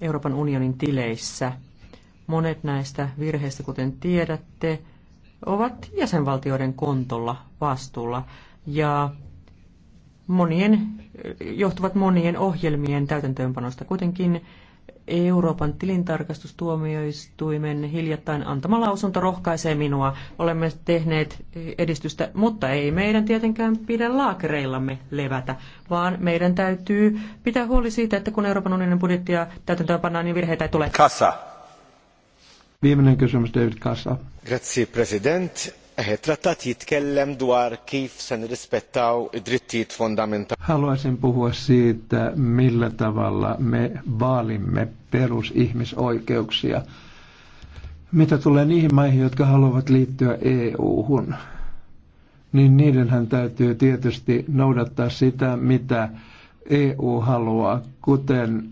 Euroopan unionin tileissä. Monet näistä virheistä, kuten tiedätte, ovat jäsenvaltioiden kontolla vastuulla ja monien, johtuvat monien ohjelmien täytäntöönpanosta. Kuitenkin Euroopan tilintarkastustuomioistuimen hiljattain antama lausunto rohkaisee minua. Olemme tehneet edistystä, mutta ei meidän tietenkään pidä laakereillamme levätä, vaan meidän täytyy pitää huoli siitä, että kun Euroopan unionin budjettia täytäntöön pannaan, niin virheitä ei tule. Kassa. Viimeinen kysymys, David Kassa. Grazie, president. Eh, trattat jitkellem dwar kif fundamentali. Haluaisin puhua siitä, millä tavalla me vaalimme perusihmisoikeuksia. Mitä tulee niihin maihin, jotka haluavat liittyä EU-hun, niin niidenhän täytyy tietysti noudattaa sitä, mitä EU haluaa, kuten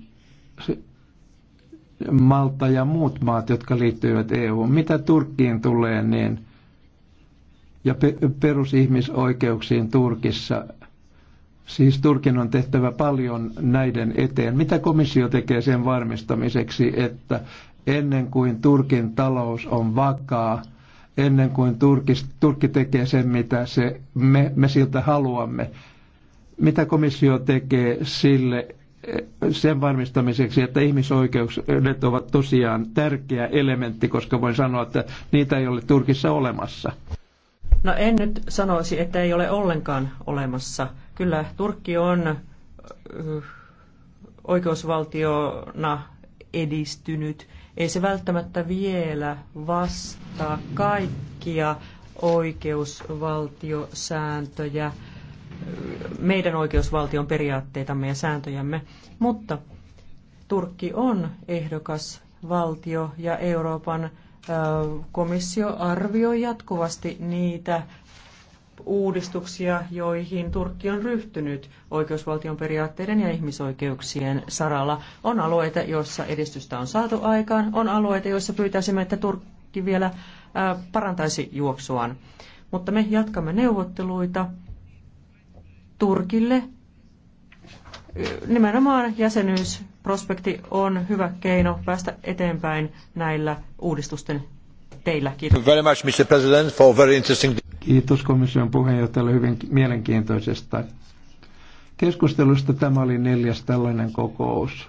Malta ja muut maat, jotka liittyivät EU. Mitä Turkkiin tulee, niin – ja perusihmisoikeuksiin Turkissa. Siis Turkin on tehtävä paljon näiden eteen. Mitä komissio tekee sen varmistamiseksi, että ennen kuin Turkin talous on vakaa, ennen kuin Turkis, Turkki tekee sen, mitä se, me, me siltä haluamme, mitä komissio tekee sille, sen varmistamiseksi, että ihmisoikeudet ovat tosiaan tärkeä elementti, koska voin sanoa, että niitä ei ole Turkissa olemassa. No en nyt sanoisi, että ei ole ollenkaan olemassa. Kyllä Turkki on äh, oikeusvaltiona edistynyt. Ei se välttämättä vielä vastaa kaikkia oikeusvaltiosääntöjä, äh, meidän oikeusvaltion periaatteitamme ja sääntöjämme, mutta Turkki on ehdokas valtio ja Euroopan komissio arvioi jatkuvasti niitä uudistuksia, joihin Turkki on ryhtynyt oikeusvaltion periaatteiden ja ihmisoikeuksien saralla. On alueita, joissa edistystä on saatu aikaan, on alueita, joissa pyytäisimme, että Turkki vielä parantaisi juoksuaan. Mutta me jatkamme neuvotteluita Turkille nimenomaan jäsenyys prospekti on hyvä keino päästä eteenpäin näillä uudistusten teillä. Kiitos. Very much, Mr. President, for very interesting... Kiitos komission puheenjohtajalle hyvin mielenkiintoisesta keskustelusta. Tämä oli neljäs tällainen kokous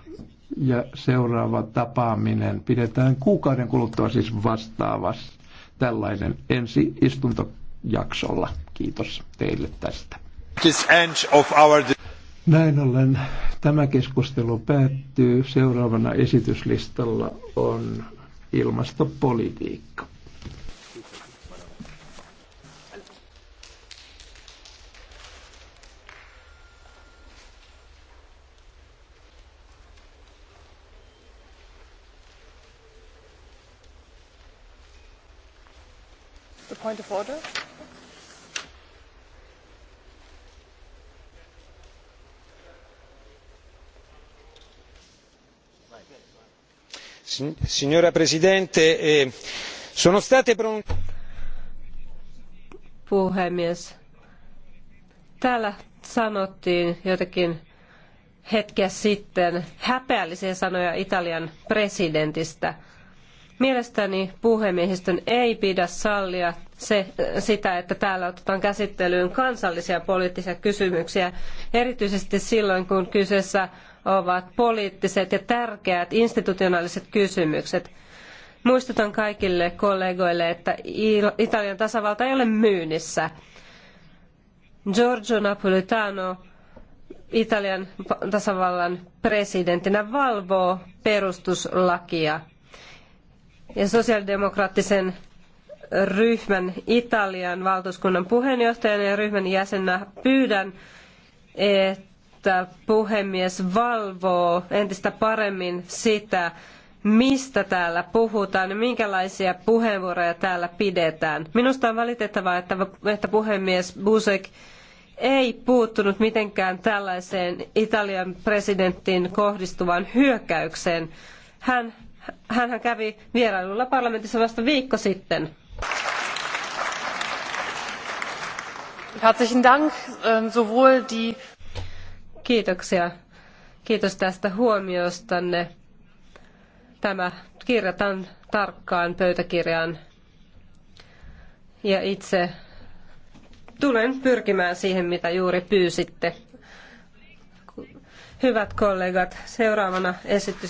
ja seuraava tapaaminen pidetään kuukauden kuluttua siis vastaavassa tällainen ensi istuntojaksolla. Kiitos teille tästä. This end of our... Näin ollen tämä keskustelu päättyy. Seuraavana esityslistalla on ilmastopolitiikka. The point of order? signora presidente eh, sono state puhemies täällä sanottiin jotakin hetkeä sitten häpeällisiä sanoja Italian presidentistä. Mielestäni puhemiehistön ei pidä sallia se, sitä, että täällä otetaan käsittelyyn kansallisia poliittisia kysymyksiä, erityisesti silloin kun kyseessä ovat poliittiset ja tärkeät institutionaaliset kysymykset. Muistutan kaikille kollegoille, että Italian tasavalta ei ole myynnissä. Giorgio Napolitano Italian tasavallan presidenttinä valvoo perustuslakia. Ja sosiaalidemokraattisen ryhmän Italian valtuuskunnan puheenjohtajana ja ryhmän jäsenenä pyydän, että että puhemies valvoo entistä paremmin sitä, mistä täällä puhutaan ja minkälaisia puheenvuoroja täällä pidetään. Minusta on valitettavaa, että, että puhemies Busek ei puuttunut mitenkään tällaiseen Italian presidenttiin kohdistuvaan hyökkäykseen. Hän, hänhän kävi vierailulla parlamentissa vasta viikko sitten. Herzlichen Dank. Ähm, sowohl die Kiitoksia. Kiitos tästä huomiostanne. Tämä kirjataan tarkkaan pöytäkirjaan. Ja itse tulen pyrkimään siihen, mitä juuri pyysitte. Hyvät kollegat, seuraavana esitys.